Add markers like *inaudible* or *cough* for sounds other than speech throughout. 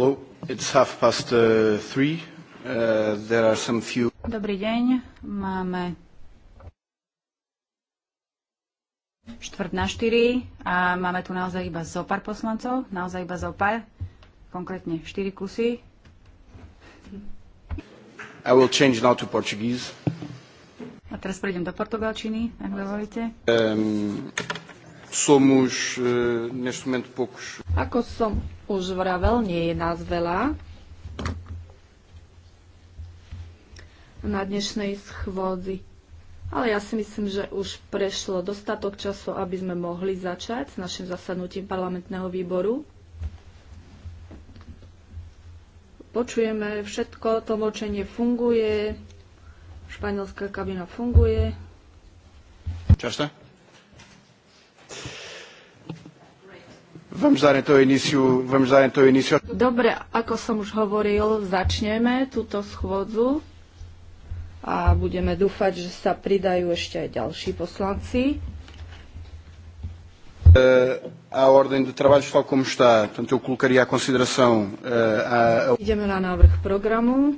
Hello, it's half past uh, three. Uh, there are some few... Dobrý deň, máme štvrt na štyri a máme tu naozaj iba zo pár poslancov, naozaj iba zo pár, konkrétne štyri kusy. I will change now to Portuguese. A teraz prejdem do portugalčiny, ak dovolíte. Um, Somos uh, neste momento poucos. Ako som už vravel, nie je nás veľa. Na dnešnej schôdzi. Ale ja si myslím, že už prešlo dostatok času, aby sme mohli začať s našim zasadnutím parlamentného výboru. Počujeme všetko, tlmočenie funguje, španielská kabina funguje. Často? Vamos dar então início, vamos dar então início. Dobre, ako som už hovoril, začneme túto schôdzu a budeme dúfať, že sa pridajú ešte aj ďalší poslanci. Uh, a ordem de trabalho está como está, portanto eu colocaria a consideração uh, a... Ideme na návrh programu.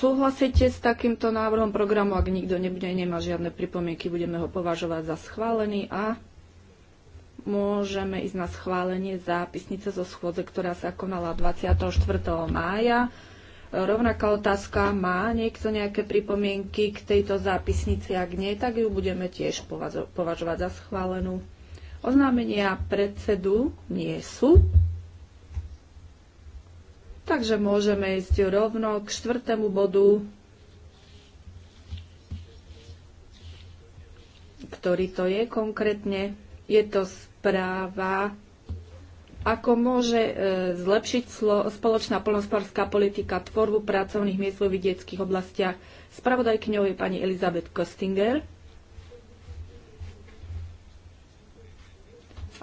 Súhlasíte s takýmto návrhom programu? Ak nikto nebude, nemá žiadne pripomienky, budeme ho považovať za schválený a môžeme ísť na schválenie zápisnice zo schôdze, ktorá sa konala 24. mája. Rovnaká otázka, má niekto nejaké pripomienky k tejto zápisnici? Ak nie, tak ju budeme tiež považovať za schválenú. Oznámenia predsedu nie sú. Takže môžeme ísť rovno k štvrtému bodu, ktorý to je konkrétne. Je to správa, ako môže e, zlepšiť spoločná polnospodárska politika tvorbu pracovných miest vo vidieckých oblastiach. Spravodajkňou je pani Elizabeth Kostinger.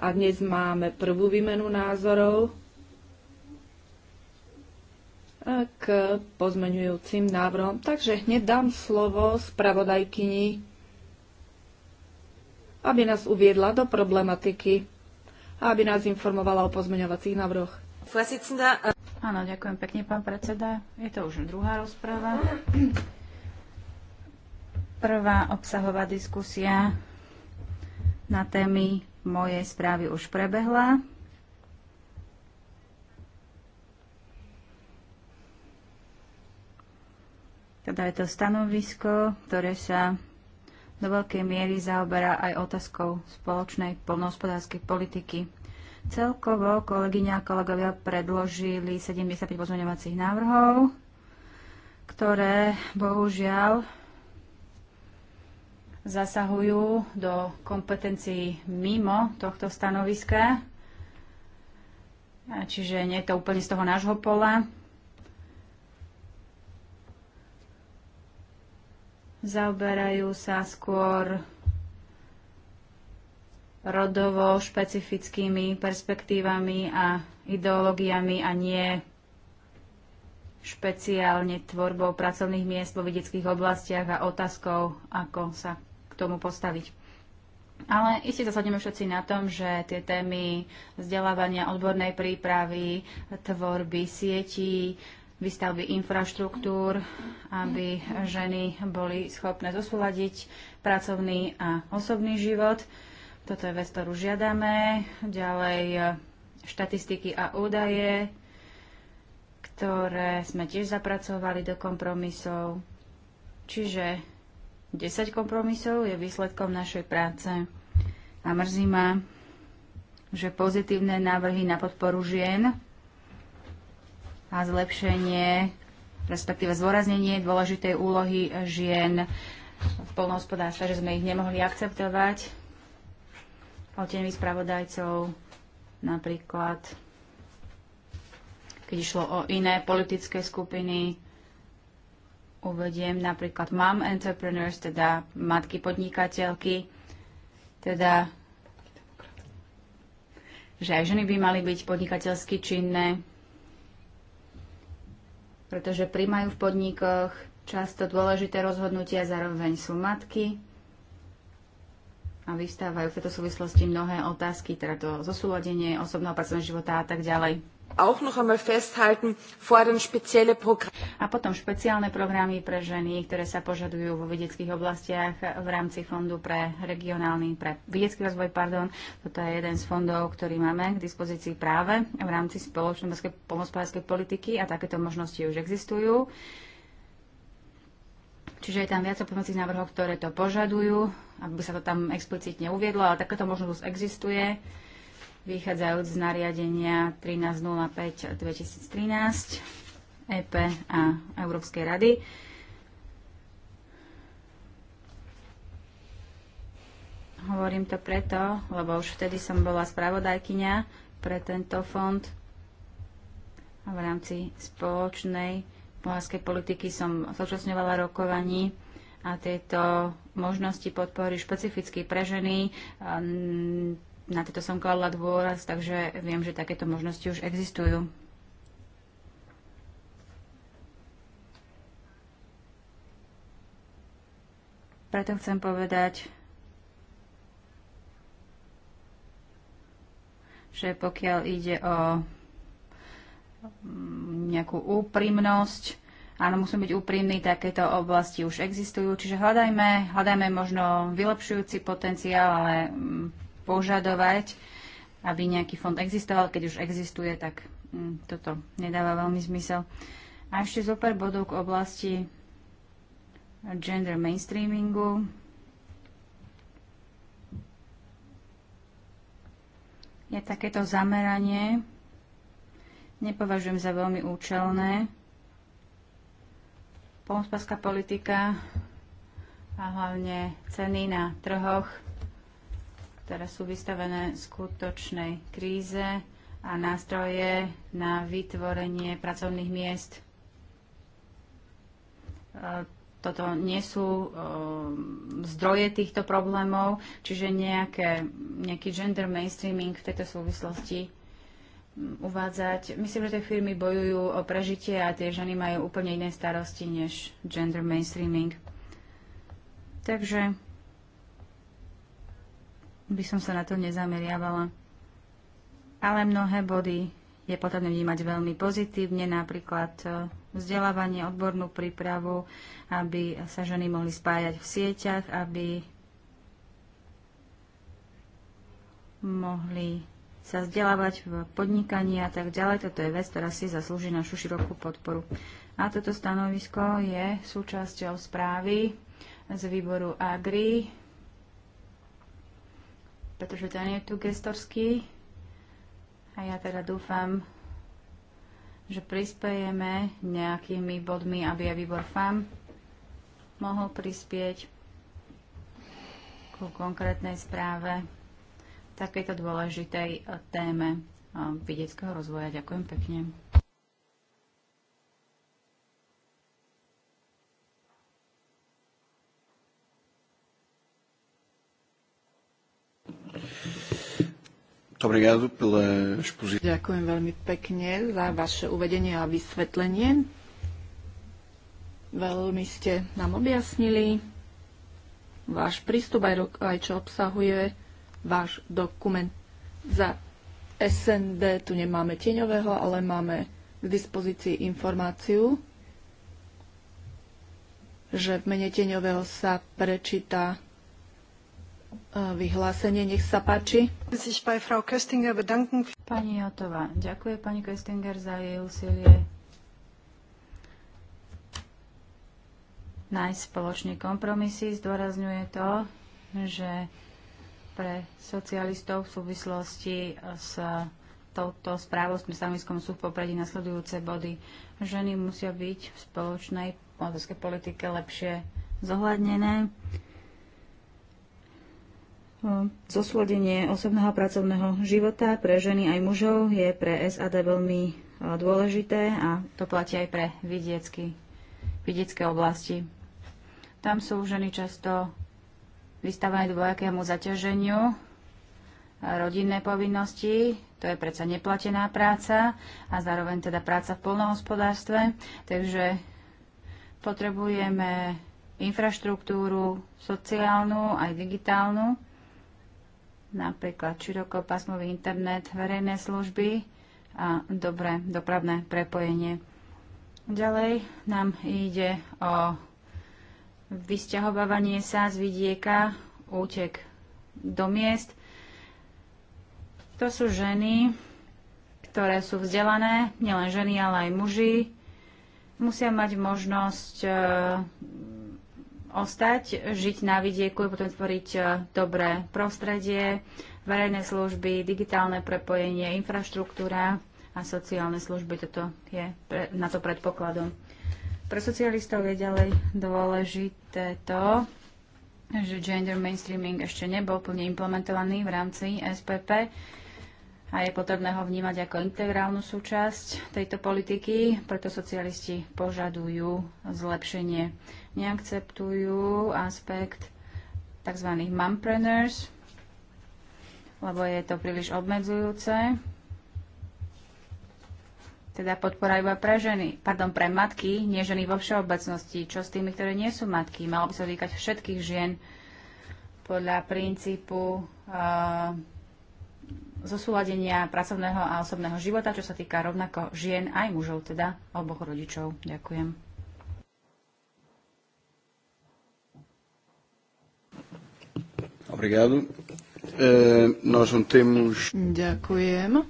A dnes máme prvú výmenu názorov e, k pozmenujúcim návrhom. Takže hneď dám slovo spravodajkyni aby nás uviedla do problematiky a aby nás informovala o pozmeňovacích návrhoch. Äh, Áno, ďakujem pekne, pán predseda. Je to už druhá rozpráva. Prvá obsahová diskusia na témy mojej správy už prebehla. Teda je to stanovisko, ktoré sa do veľkej miery zaoberá aj otázkou spoločnej poľnohospodárskej politiky. Celkovo kolegyňa a kolegovia predložili 75 pozmeňovacích návrhov, ktoré bohužiaľ zasahujú do kompetencií mimo tohto stanoviska, čiže nie je to úplne z toho nášho pola. zaoberajú sa skôr rodovo špecifickými perspektívami a ideológiami a nie špeciálne tvorbou pracovných miest vo vedeckých oblastiach a otázkou, ako sa k tomu postaviť. Ale iste zasadneme všetci na tom, že tie témy vzdelávania, odbornej prípravy, tvorby sietí, výstavby infraštruktúr, aby ženy boli schopné zosúľadiť pracovný a osobný život. Toto je vec, ktorú žiadame. Ďalej e, štatistiky a údaje, ktoré sme tiež zapracovali do kompromisov. Čiže 10 kompromisov je výsledkom našej práce. A mrzí ma, že pozitívne návrhy na podporu žien a zlepšenie, respektíve zdôraznenie dôležitej úlohy žien v polnohospodárstve, že sme ich nemohli akceptovať. Oteňových spravodajcov napríklad, keď išlo o iné politické skupiny, uvediem napríklad mom entrepreneurs, teda matky podnikateľky, teda že aj ženy by mali byť podnikateľsky činné, pretože príjmajú v podnikoch často dôležité rozhodnutia, zároveň sú matky a vystávajú v tejto súvislosti mnohé otázky, teda to zosúladenie osobného pracovného života a tak ďalej auch noch einmal festhalten, fordern spezielle Programme. A potom špeciálne programy pre ženy, ktoré sa požadujú vo vedeckých oblastiach v rámci fondu pre regionálny, pre vedecký rozvoj, pardon. Toto je jeden z fondov, ktorý máme k dispozícii práve v rámci spoločnej pomospodárskej politiky a takéto možnosti už existujú. Čiže je tam viac pomocných návrhov, ktoré to požadujú, aby sa to tam explicitne uviedlo, ale takáto možnosť existuje vychádzajúc z nariadenia 1305 2013 EP a Európskej rady. Hovorím to preto, lebo už vtedy som bola spravodajkyňa pre tento fond a v rámci spoločnej pohľadskej politiky som zúčastňovala rokovaní a tieto možnosti podpory špecificky pre ženy na toto som kladla dôraz, takže viem, že takéto možnosti už existujú. Preto chcem povedať, že pokiaľ ide o mm, nejakú úprimnosť, áno, musím byť úprimný, takéto oblasti už existujú, čiže hľadajme, hľadajme možno vylepšujúci potenciál, ale mm, požadovať, aby nejaký fond existoval. Keď už existuje, tak hm, toto nedáva veľmi zmysel. A ešte zo pár bodov k oblasti gender mainstreamingu. Je takéto zameranie nepovažujem za veľmi účelné. Pomospaská politika a hlavne ceny na trhoch ktoré sú vystavené skutočnej kríze a nástroje na vytvorenie pracovných miest. E, toto nie sú e, zdroje týchto problémov, čiže nejaké, nejaký gender mainstreaming v tejto súvislosti mm, uvádzať. Myslím, že tie firmy bojujú o prežitie a tie ženy majú úplne iné starosti než gender mainstreaming. Takže by som sa na to nezameriavala. Ale mnohé body je potrebné vnímať veľmi pozitívne, napríklad e, vzdelávanie, odbornú prípravu, aby sa ženy mohli spájať v sieťach, aby mohli sa vzdelávať v podnikaní a tak ďalej. Toto je vec, ktorá si zaslúži našu širokú podporu. A toto stanovisko je súčasťou správy z výboru AGRI pretože ten je tu gestorský. A ja teda dúfam, že prispiejeme nejakými bodmi, aby aj výbor FAM mohol prispieť ku konkrétnej správe takejto dôležitej eh, téme eh, vidieckého rozvoja. Ďakujem pekne. Ďakujem veľmi pekne za vaše uvedenie a vysvetlenie. Veľmi ste nám objasnili váš prístup, aj, aj čo obsahuje váš dokument. Za SND tu nemáme tieňového, ale máme k dispozícii informáciu, že v mene tieňového sa prečíta vyhlásenie. Nech sa páči. Pani Jotová, ďakujem pani Köstinger za jej úsilie nájsť spoločne kompromisy. Zdôrazňuje to, že pre socialistov v súvislosti s touto správou s stanoviskom sú v popredí nasledujúce body. Ženy musia byť v spoločnej politike lepšie zohľadnené Zosledenie osobného a pracovného života pre ženy aj mužov je pre SAD veľmi e, dôležité a to platí aj pre vidiecky, vidiecké oblasti. Tam sú ženy často vystávané dvojakému zaťaženiu, e, rodinné povinnosti, to je predsa neplatená práca a zároveň teda práca v polnohospodárstve, takže potrebujeme infraštruktúru sociálnu aj digitálnu napríklad širokopásmový internet, verejné služby a dobré dopravné prepojenie. Ďalej nám ide o vysťahovávanie sa z vidieka, útek do miest. To sú ženy, ktoré sú vzdelané, nielen ženy, ale aj muži. Musia mať možnosť e, ostať, žiť na vidieku, potom tvoriť e, dobré prostredie, verejné služby, digitálne prepojenie, infraštruktúra a sociálne služby. Toto je pre, na to predpokladom. Pre socialistov je ďalej dôležité to, že gender mainstreaming ešte nebol plne implementovaný v rámci SPP a je potrebné ho vnímať ako integrálnu súčasť tejto politiky, preto socialisti požadujú zlepšenie. Neakceptujú aspekt tzv. mumpreneurs, lebo je to príliš obmedzujúce. Teda podpora iba pre ženy, pardon, pre matky, nie ženy vo všeobecnosti. Čo s tými, ktoré nie sú matky? Malo by sa týkať všetkých žien podľa princípu uh, zosúladenia pracovného a osobného života, čo sa týka rovnako žien aj mužov, teda oboch rodičov. Ďakujem. Obrigado. E, nós não temos... Ďakujem.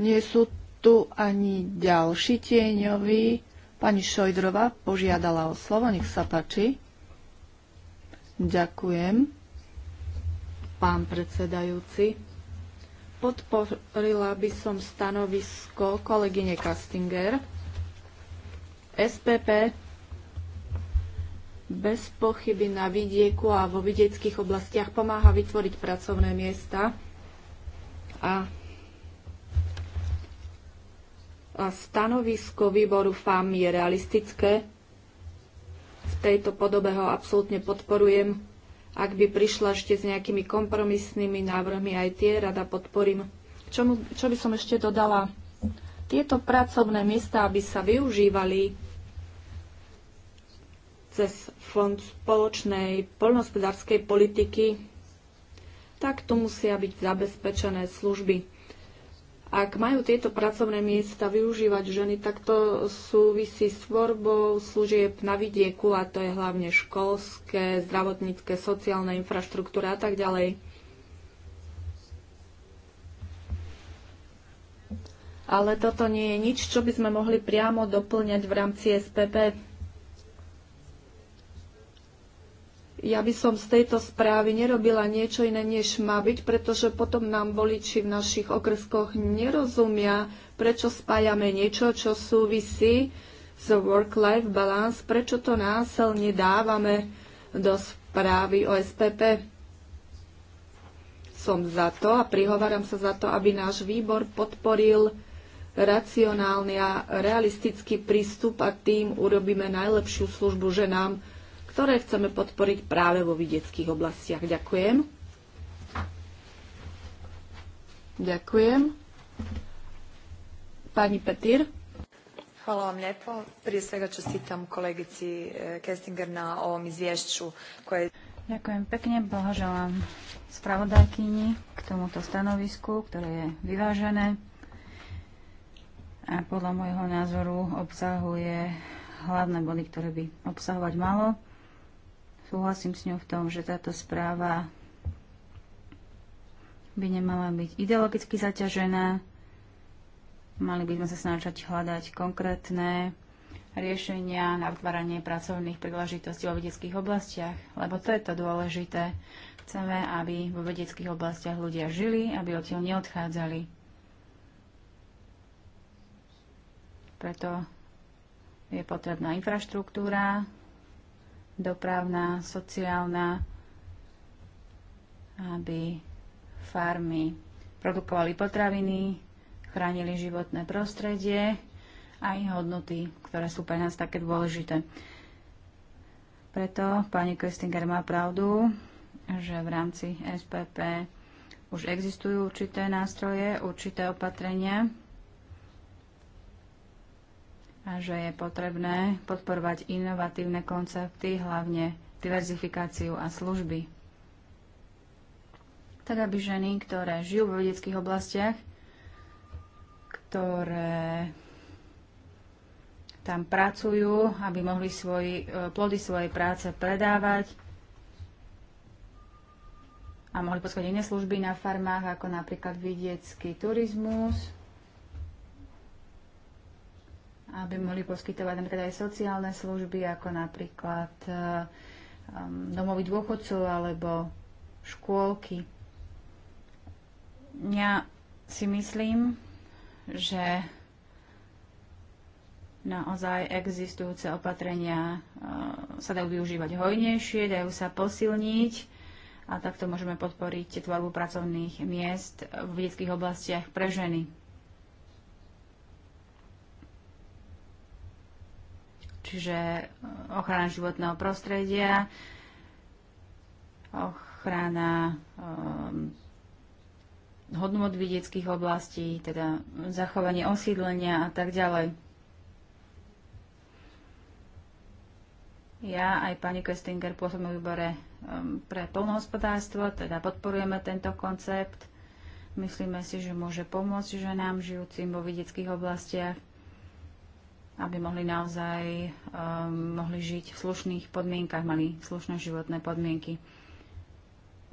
Nie sú tu ani ďalší tieňoví Pani Šojdrova požiadala o slovo, nech sa páči. Ďakujem, pán predsedajúci. Podporila by som stanovisko kolegyne Kastinger. SPP bez pochyby na vidieku a vo vidieckých oblastiach pomáha vytvoriť pracovné miesta a Stanovisko výboru FAM je realistické. V tejto podobe ho absolútne podporujem. Ak by prišla ešte s nejakými kompromisnými návrhmi, aj tie rada podporím. Čomu, čo by som ešte dodala? Tieto pracovné miesta, aby sa využívali cez fond spoločnej poľnohospodárskej politiky, tak tu musia byť zabezpečené služby ak majú tieto pracovné miesta využívať ženy, tak to súvisí s tvorbou služieb na vidieku a to je hlavne školské, zdravotnícke, sociálne infraštruktúra a tak ďalej. Ale toto nie je nič, čo by sme mohli priamo doplňať v rámci SPP. ja by som z tejto správy nerobila niečo iné, než má byť, pretože potom nám voliči v našich okrskoch nerozumia, prečo spájame niečo, čo súvisí s work-life balance, prečo to násilne dávame do správy o SPP. Som za to a prihováram sa za to, aby náš výbor podporil racionálny a realistický prístup a tým urobíme najlepšiu službu ženám, nám ktoré chceme podporiť práve vo vidieckých oblastiach. Ďakujem. Ďakujem. Pani Petir. Hvala vam lijepo. Prije svega čestitam kolegici eh, Kestinger na ovom izvješću koje... Ďakujem pekne, blahoželám spravodajkyni k tomuto stanovisku, ktoré je vyvážené a podľa môjho názoru obsahuje hlavné body, ktoré by obsahovať malo. Súhlasím s ňou v tom, že táto správa by nemala byť ideologicky zaťažená. Mali by sme sa snažiť hľadať konkrétne riešenia na vytváranie pracovných príležitostí vo vedeckých oblastiach, lebo to je to dôležité. Chceme, aby vo vedeckých oblastiach ľudia žili, aby odtiaľ neodchádzali. Preto je potrebná infraštruktúra, dopravná, sociálna, aby farmy produkovali potraviny, chránili životné prostredie a aj hodnoty, ktoré sú pre nás také dôležité. Preto pani Köstinger má pravdu, že v rámci SPP už existujú určité nástroje, určité opatrenia, a že je potrebné podporovať inovatívne koncepty, hlavne diverzifikáciu a služby. Tak, aby ženy, ktoré žijú v vedeckých oblastiach, ktoré tam pracujú, aby mohli svoj, e, plody svojej práce predávať, a mohli poskytnúť iné služby na farmách, ako napríklad vidiecký turizmus, aby mohli poskytovať napríklad aj sociálne služby, ako napríklad eh, um, domovy dôchodcov alebo škôlky. Ja si myslím, že naozaj existujúce opatrenia eh, sa dajú využívať hojnejšie, dajú sa posilniť a takto môžeme podporiť tvorbu pracovných miest v vedeckých oblastiach pre ženy. čiže eh, ochrana životného prostredia, ochrana um, hodnot vidieckých oblastí, teda zachovanie osídlenia a tak ďalej. Ja aj pani Köstinger pôsobíme v výbore um, pre polnohospodárstvo, teda podporujeme tento koncept. Myslíme si, že môže pomôcť ženám žijúcim vo vidieckých oblastiach aby mohli naozaj um, mohli žiť v slušných podmienkach, mali slušné životné podmienky.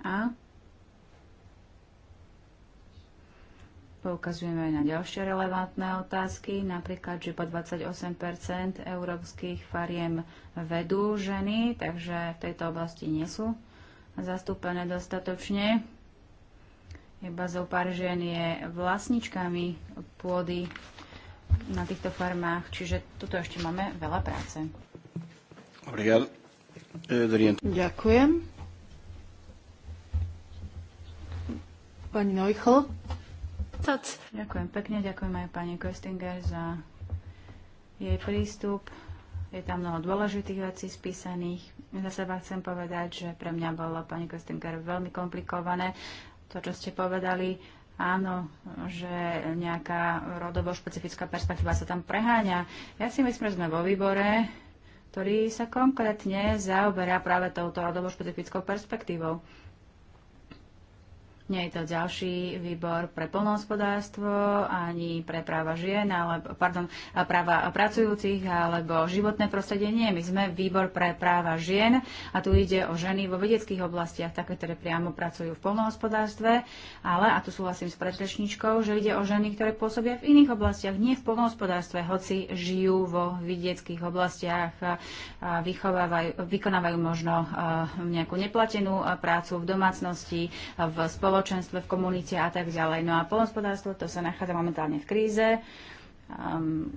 A poukazujeme aj na ďalšie relevantné otázky, napríklad, že po 28 európskych fariem vedú ženy, takže v tejto oblasti nie sú zastúpené dostatočne. Iba zo pár žien je vlastničkami pôdy na týchto farmách, čiže tuto ešte máme veľa práce. E, ďakujem. Pani Neuchl. Ďakujem pekne, ďakujem aj pani Köstinger za jej prístup. Je tam mnoho dôležitých vecí spísaných. Za seba chcem povedať, že pre mňa bolo, pani Köstinger, veľmi komplikované to, čo ste povedali áno, že nejaká rodovo špecifická perspektíva sa tam preháňa. Ja si myslím, že sme vo výbore, ktorý sa konkrétne zaoberá práve touto rodovo špecifickou perspektívou. Nie je to ďalší výbor pre polnohospodárstvo, ani pre práva žien, alebo, pardon, práva pracujúcich, alebo životné prostredie. Nie, my sme výbor pre práva žien a tu ide o ženy vo vedeckých oblastiach, také, ktoré priamo pracujú v polnohospodárstve, ale, a tu súhlasím s predrečničkou, že ide o ženy, ktoré pôsobia v iných oblastiach, nie v polnohospodárstve, hoci žijú vo vedeckých oblastiach, vykonávajú možno nejakú neplatenú prácu v domácnosti, v spoločnosti, spoločenstve, v komunite a tak ďalej. No a polnospodárstvo, to sa nachádza momentálne v kríze. Um,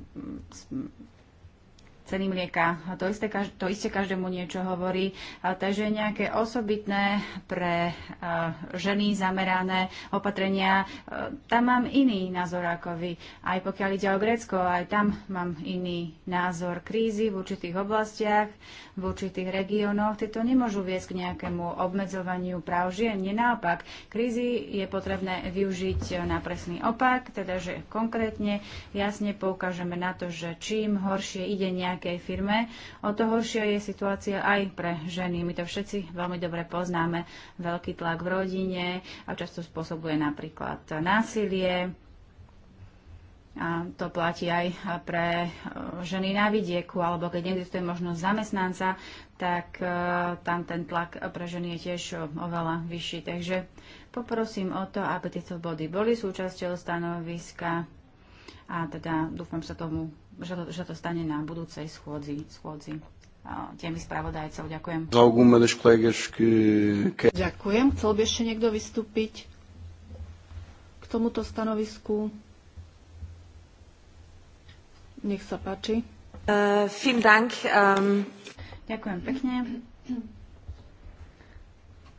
ceny mlieka. To isté, to isté každému niečo hovorí. Takže nejaké osobitné pre ženy zamerané opatrenia, tam mám iný názor ako vy. Aj pokiaľ ide o Grécko, aj tam mám iný názor krízy v určitých oblastiach, v určitých regiónoch. Tieto nemôžu viesť k nejakému obmedzovaniu práv žien. Nenápak, naopak. Krízy je potrebné využiť na presný opak, teda že konkrétne jasne poukážeme na to, že čím horšie ide nejaké nejakej firme, o to horšia je situácia aj pre ženy. My to všetci veľmi dobre poznáme. Veľký tlak v rodine a často spôsobuje napríklad násilie. A to platí aj pre e, ženy na vidieku, alebo keď neexistuje možnosť zamestnanca, tak e, tam ten tlak pre ženy je tiež oveľa vyšší. Takže poprosím o to, aby tieto body boli súčasťou stanoviska a teda dúfam sa tomu že to, že to stane na budúcej schôdzi, schôdzi Tiemi spravodajcov. Ďakujem. Ďakujem. Chcel by ešte niekto vystúpiť k tomuto stanovisku? Nech sa páči. Uh, vielen Dank. Um... Ďakujem pekne.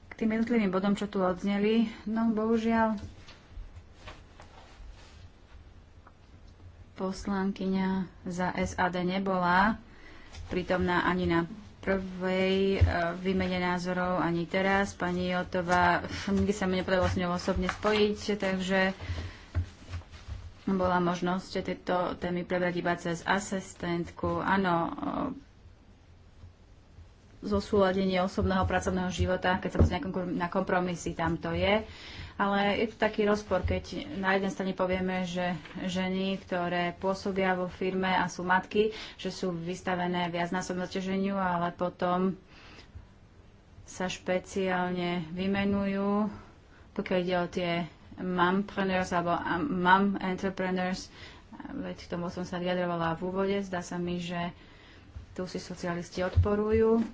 K tým jednotlivým bodom, čo tu odzneli, no bohužiaľ poslankyňa za SAD nebola prítomná ani na prvej e, výmene názorov, ani teraz. Pani Jotová, nikdy sa mi nepodarilo s ňou osobne spojiť, takže bola možnosť tieto témy prebrať iba cez asistentku. Áno, e, zosúladenie osobného pracovného života, keď sa pozrie na kompromisy, tam to je. Ale je to taký rozpor, keď na jednej strane povieme, že ženy, ktoré pôsobia vo firme a sú matky, že sú vystavené viacnásobnom zaťaženiu, ale potom sa špeciálne vymenujú, pokiaľ ide o tie mompreneurs alebo mom entrepreneurs, veď k tomu som sa vyjadrovala v úvode, zdá sa mi, že tu si socialisti odporujú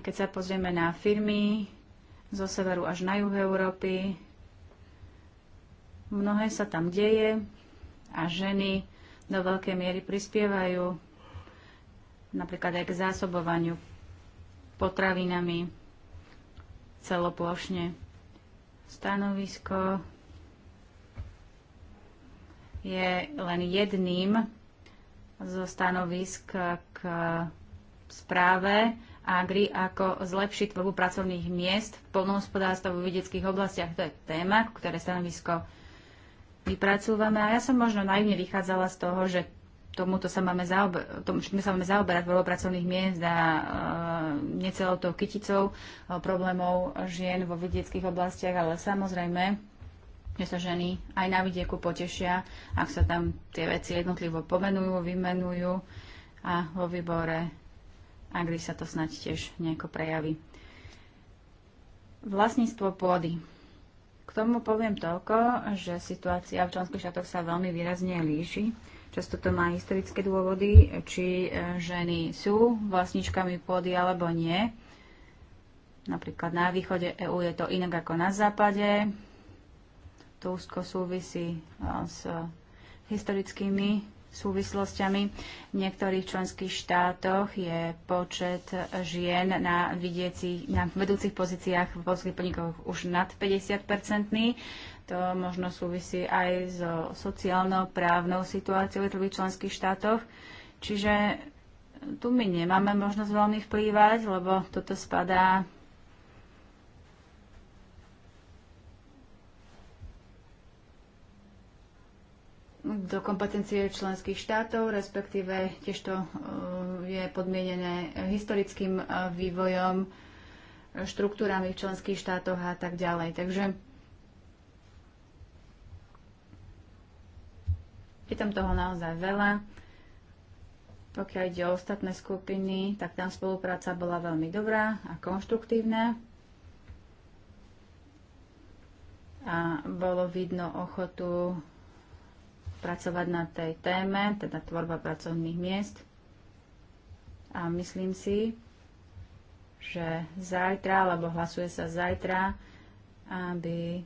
Keď sa pozrieme na firmy zo severu až na juh Európy, mnohé sa tam deje a ženy do veľkej miery prispievajú napríklad aj k zásobovaniu potravinami celoplošne. Stanovisko je len jedným zo stanovisk k správe Agri, ako zlepšiť tvorbu pracovných miest v polnohospodárstve v vedeckých oblastiach. To je téma, ktoré stanovisko vypracúvame. A ja som možno naivne vychádzala z toho, že tomuto sa máme, zaober- tomu, my sa máme zaoberať tvorbou pracovných miest a e, necelou tou kyticou e, problémov žien vo vedeckých oblastiach, ale samozrejme, že sa ženy aj na vidieku potešia, ak sa tam tie veci jednotlivo pomenujú, vymenujú a vo výbore Agri sa to snáď tiež nejako prejaví. Vlastníctvo pôdy. K tomu poviem toľko, že situácia v členských štátoch sa veľmi výrazne líši. Často to má historické dôvody, či e, ženy sú vlastníčkami pôdy alebo nie. Napríklad na východe EÚ je to inak ako na západe. To úzko súvisí e, s historickými súvislostiami. V niektorých členských štátoch je počet žien na, vidieci, na vedúcich pozíciách v polských podnikoch už nad 50-percentný. To možno súvisí aj so sociálno-právnou situáciou v jednotlivých členských štátoch. Čiže tu my nemáme možnosť veľmi vplývať, lebo toto spadá do kompetencie členských štátov, respektíve tiež to e, je podmienené historickým e, vývojom, e, štruktúrami v členských štátoch a tak ďalej. Takže je tam toho naozaj veľa. Pokiaľ ide o ostatné skupiny, tak tam spolupráca bola veľmi dobrá a konštruktívna. A bolo vidno ochotu pracovať na tej téme, teda tvorba pracovných miest. A myslím si, že zajtra, alebo hlasuje sa zajtra, aby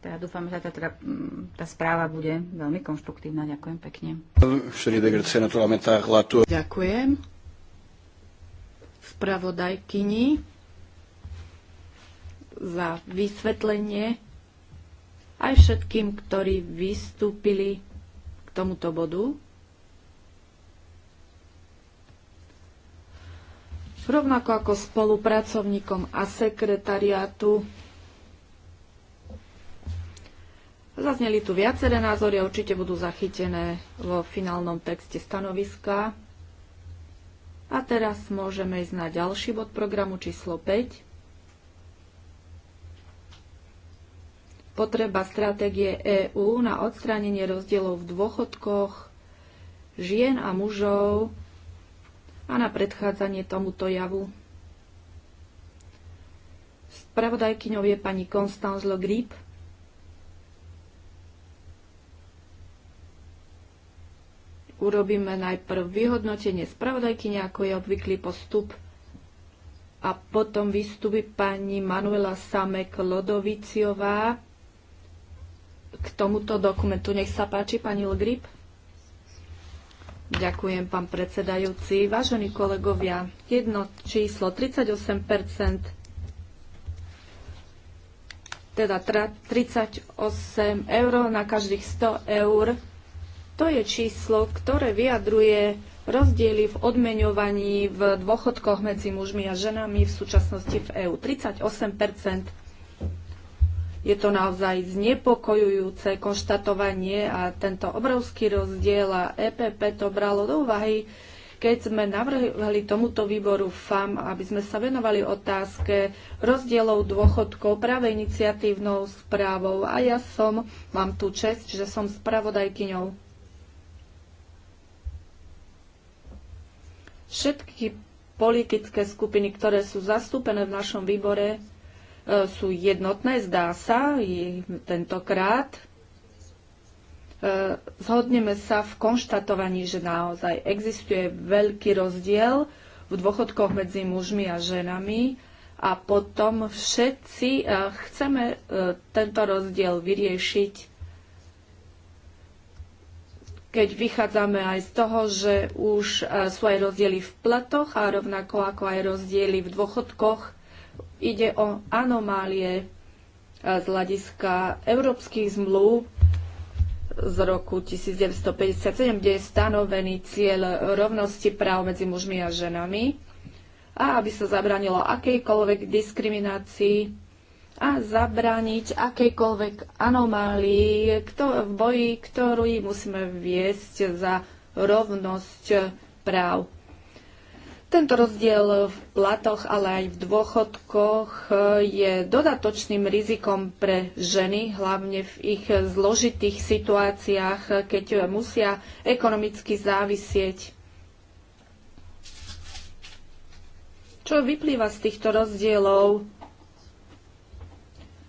teda dúfam, že tá, teda, mm, tá správa bude veľmi konštruktívna. Ďakujem pekne. Ďakujem. Spravodajkyni za vysvetlenie aj všetkým, ktorí vystúpili k tomuto bodu. Rovnako ako spolupracovníkom a sekretariátu Zazneli tu viaceré názory a určite budú zachytené vo finálnom texte stanoviska. A teraz môžeme ísť na ďalší bod programu číslo 5. potreba stratégie EÚ na odstránenie rozdielov v dôchodkoch žien a mužov a na predchádzanie tomuto javu. Spravodajkyňou je pani Constance Le Grip. Urobíme najprv vyhodnotenie spravodajkyne, ako je obvyklý postup a potom vystúpi pani Manuela Samek Lodoviciová, k tomuto dokumentu. Nech sa páči, pani Lgrip. Ďakujem, pán predsedajúci. Vážení kolegovia, jedno číslo 38 teda 38 eur na každých 100 eur. To je číslo, ktoré vyjadruje rozdiely v odmeňovaní v dôchodkoch medzi mužmi a ženami v súčasnosti v EÚ. 38 je to naozaj znepokojujúce konštatovanie a tento obrovský rozdiel a EPP to bralo do úvahy, keď sme navrhli tomuto výboru FAM, aby sme sa venovali otázke rozdielov dôchodkov práve iniciatívnou správou. A ja som, mám tu čest, že som spravodajkyňou. Všetky politické skupiny, ktoré sú zastúpené v našom výbore, E, sú jednotné, zdá sa, tentokrát. E, zhodneme sa v konštatovaní, že naozaj existuje veľký rozdiel v dôchodkoch medzi mužmi a ženami a potom všetci e, chceme tento rozdiel vyriešiť, keď vychádzame aj z toho, že už sú aj rozdiely v platoch a rovnako ako aj rozdiely v dôchodkoch Ide o anomálie e, z hľadiska európskych zmluv z roku 1957, kde je stanovený cieľ rovnosti práv medzi mužmi a ženami a aby sa zabranilo akejkoľvek diskriminácii a zabrániť akejkoľvek anomálii v boji, ktorú musíme viesť za rovnosť práv tento rozdiel v platoch, ale aj v dôchodkoch e, je dodatočným rizikom pre ženy, hlavne v ich zložitých situáciách, e, keď musia ekonomicky závisieť. Čo vyplýva z týchto rozdielov?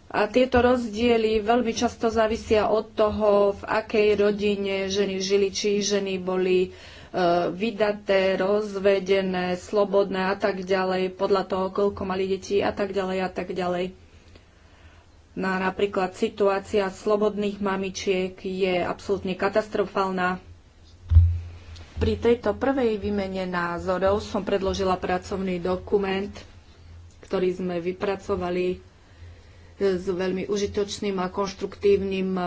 A tieto rozdiely veľmi často závisia od toho, v akej rodine ženy žili, či ženy boli uh, E, vydaté, rozvedené, slobodné a tak ďalej, podľa toho, koľko mali detí a tak ďalej a tak ďalej. Na, no napríklad situácia slobodných mamičiek je absolútne katastrofálna. Pri tejto prvej výmene názorov som predložila pracovný dokument, ktorý sme vypracovali s veľmi užitočným a konštruktívnym e,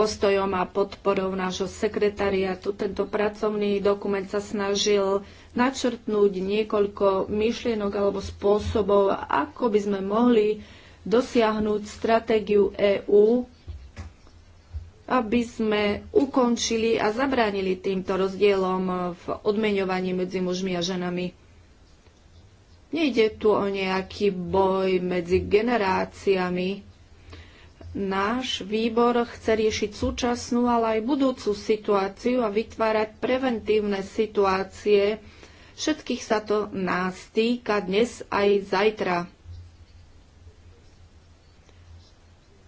postojom a podporou nášho sekretariatu. Tento pracovný dokument sa snažil načrtnúť niekoľko myšlienok alebo spôsobov, ako by sme mohli dosiahnuť stratégiu EÚ, aby sme ukončili a zabránili týmto rozdielom v odmeňovaní medzi mužmi a ženami. Nejde tu o nejaký boj medzi generáciami, Náš výbor chce riešiť súčasnú, ale aj budúcu situáciu a vytvárať preventívne situácie. Všetkých sa to nás týka dnes aj zajtra.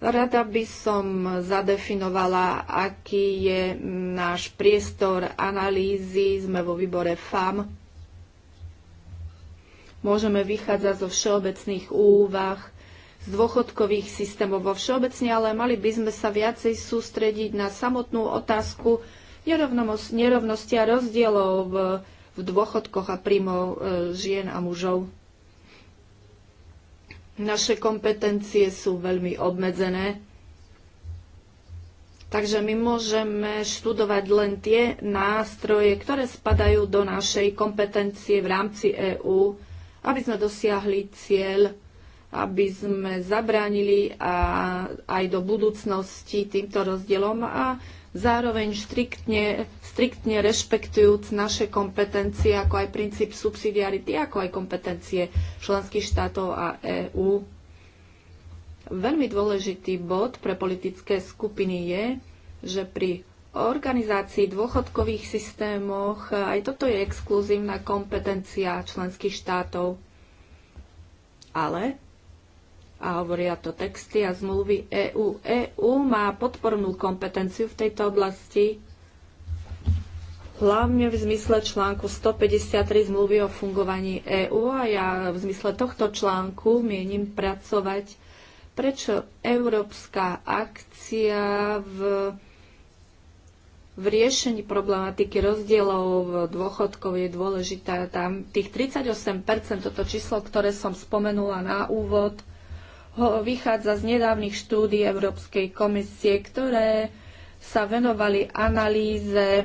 Rada by som zadefinovala, aký je náš priestor analýzy. Sme vo výbore FAM. Môžeme vychádzať zo všeobecných úvah z dôchodkových systémov vo všeobecne, ale mali by sme sa viacej sústrediť na samotnú otázku nerovnosti a rozdielov v, v dôchodkoch a príjmov e, žien a mužov. Naše kompetencie sú veľmi obmedzené, takže my môžeme študovať len tie nástroje, ktoré spadajú do našej kompetencie v rámci EÚ, aby sme dosiahli cieľ aby sme zabránili a aj do budúcnosti týmto rozdielom a zároveň striktne, striktne rešpektujúc naše kompetencie, ako aj princíp subsidiarity, ako aj kompetencie členských štátov a EÚ. Veľmi dôležitý bod pre politické skupiny je, že pri organizácii dôchodkových systémoch aj toto je exkluzívna kompetencia členských štátov. Ale a hovoria to texty a zmluvy EÚ. EÚ má podpornú kompetenciu v tejto oblasti, hlavne v zmysle článku 153 zmluvy o fungovaní EÚ a ja v zmysle tohto článku mienim pracovať, prečo európska akcia v, v riešení problematiky rozdielov v dôchodkov je dôležitá. Tam tých 38%, toto číslo, ktoré som spomenula na úvod – vychádza z nedávnych štúdí Európskej komisie, ktoré sa venovali analýze e,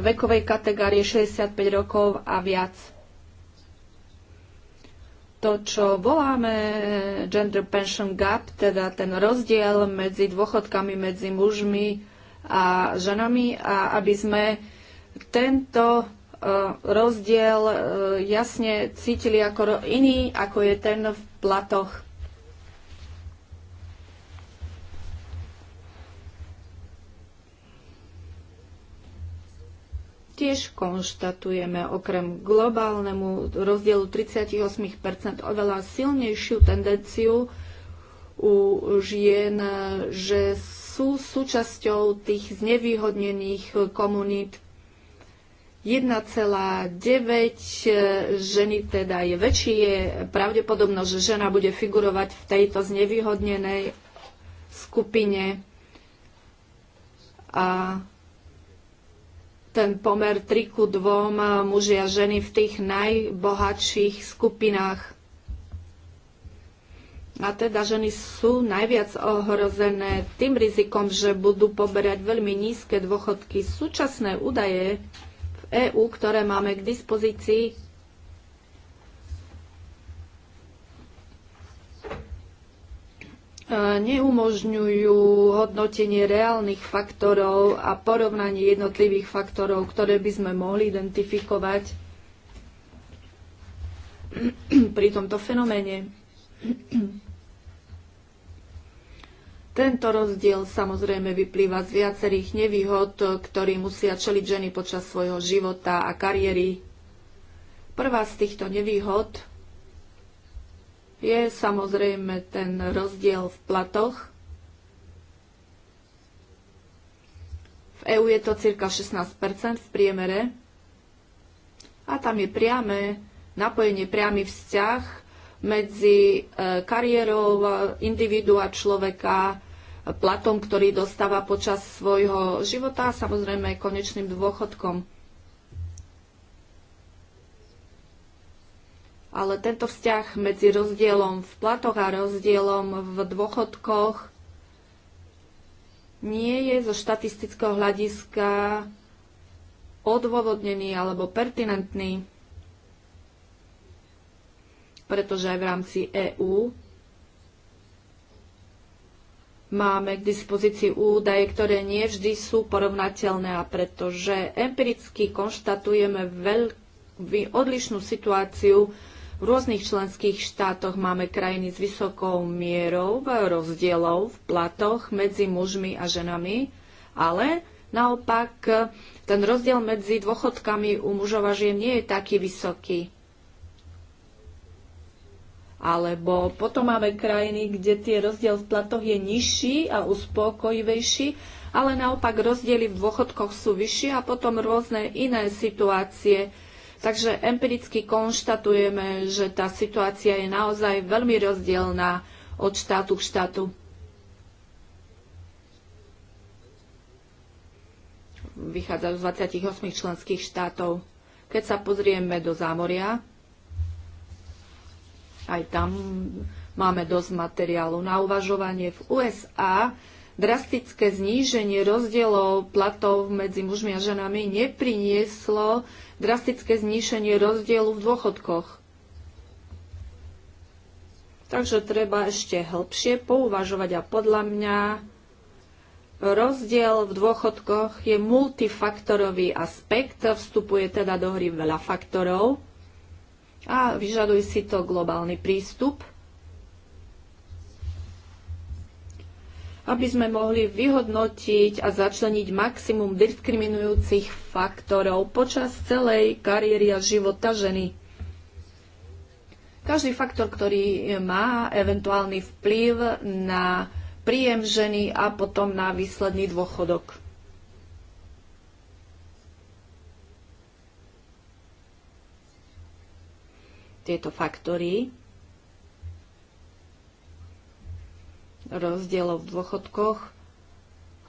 vekovej kategórie 65 rokov a viac. To, čo voláme e, gender pension gap, teda ten rozdiel medzi dôchodkami medzi mužmi a ženami a aby sme tento e, rozdiel jasne cítili ako iný, ako je ten v platoch. Tiež konštatujeme okrem globálnemu rozdielu 38 oveľa silnejšiu tendenciu u žien, že sú súčasťou tých znevýhodnených komunít. 1,9 ženy teda je väčšie je pravdepodobnosť, že žena bude figurovať v tejto znevýhodnenej skupine. A ten pomer 3 ku 2 eh, muži a ženy v tých najbohatších skupinách. A teda ženy sú najviac ohrozené tým rizikom, že budú poberať veľmi nízke dôchodky. Súčasné údaje v EÚ, ktoré máme k dispozícii, E, neumožňujú hodnotenie reálnych faktorov a porovnanie jednotlivých faktorov, ktoré by sme mohli identifikovať *clears throat* pri tomto fenoméne. *clears throat* Tento rozdiel samozrejme vyplýva z viacerých nevýhod, ktorí musia čeliť ženy počas svojho života a kariéry. Prvá z týchto nevýhod je samozrejme ten rozdiel v platoch. V EÚ je to cirka 16 v priemere a tam je priame napojenie, priamy vzťah medzi e, kariérou individua človeka, platom, ktorý dostáva počas svojho života a samozrejme konečným dôchodkom. ale tento vzťah medzi rozdielom v platoch a rozdielom v dôchodkoch nie je zo štatistického hľadiska odôvodnený alebo pertinentný, pretože aj v rámci EÚ máme k dispozícii údaje, ktoré nie vždy sú porovnateľné a pretože empiricky konštatujeme veľmi odlišnú situáciu v rôznych členských štátoch máme krajiny s vysokou mierou rozdielov v platoch medzi mužmi a ženami, ale naopak e, ten rozdiel medzi dôchodkami u mužov a žien nie je taký vysoký. Alebo potom máme krajiny, kde tie rozdiel v platoch je nižší a uspokojivejší, ale naopak rozdiely v dôchodkoch sú vyššie a potom rôzne iné situácie, Takže empiricky konštatujeme, že tá situácia je naozaj veľmi rozdielná od štátu k štátu. Vychádza z 28 členských štátov. Keď sa pozrieme do zámoria, aj tam máme dosť materiálu na uvažovanie. V USA drastické zníženie rozdielov platov medzi mužmi a ženami neprinieslo drastické zníšenie rozdielu v dôchodkoch. Takže treba ešte hĺbšie pouvažovať a podľa mňa rozdiel v dôchodkoch je multifaktorový aspekt, vstupuje teda do hry veľa faktorov a vyžaduje si to globálny prístup – aby sme mohli vyhodnotiť a začleniť maximum diskriminujúcich faktorov počas celej kariéry a života ženy. Každý faktor, ktorý má eventuálny vplyv na príjem ženy a potom na výsledný dôchodok. Tieto faktory rozdielov v dôchodkoch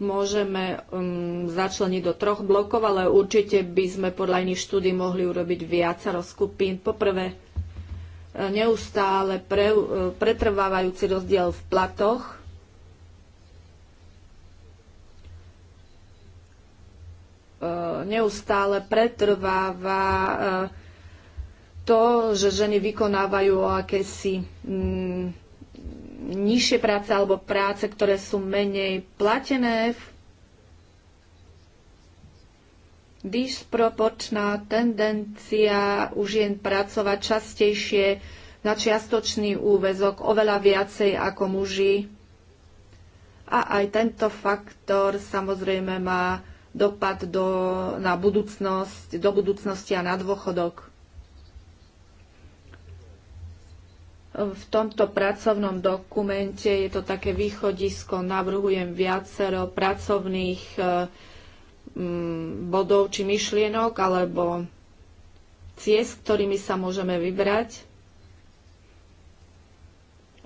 môžeme um, začleniť do troch blokov, ale určite by sme podľa iných štúdí mohli urobiť viacero skupín. Poprvé, e, neustále pre, e, pretrvávajúci rozdiel v platoch. E, neustále pretrváva to, že ženy vykonávajú akési mm, nižšie práce alebo práce, ktoré sú menej platené, disproporčná tendencia už je pracovať častejšie na čiastočný úvezok oveľa viacej ako muži. A aj tento faktor samozrejme má dopad do, na budúcnosť, do budúcnosti a na dôchodok. V tomto pracovnom dokumente je to také východisko, navrhujem viacero pracovných e, bodov či myšlienok alebo ciest, ktorými sa môžeme vybrať.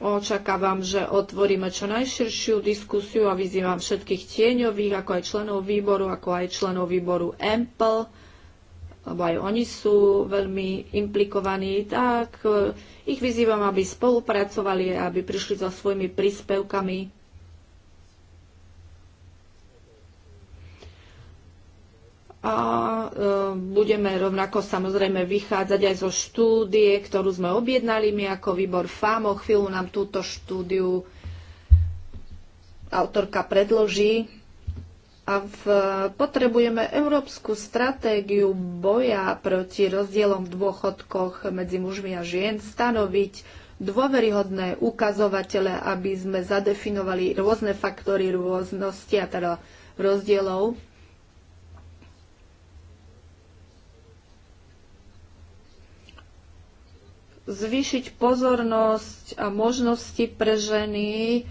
Očakávam, že otvoríme čo najširšiu diskusiu a vyzývam všetkých tieňových, ako aj členov výboru, ako aj členov výboru EMPL, lebo aj oni sú veľmi implikovaní, tak e, ich vyzývam, aby spolupracovali, aby prišli so svojimi príspevkami. A e, budeme rovnako samozrejme vychádzať aj zo štúdie, ktorú sme objednali my ako výbor FAMO. Chvíľu nám túto štúdiu autorka predloží a v, potrebujeme európsku stratégiu boja proti rozdielom v dôchodkoch medzi mužmi a žien, stanoviť dôveryhodné ukazovatele, aby sme zadefinovali rôzne faktory rôznosti a teda rozdielov. Zvýšiť pozornosť a možnosti pre ženy,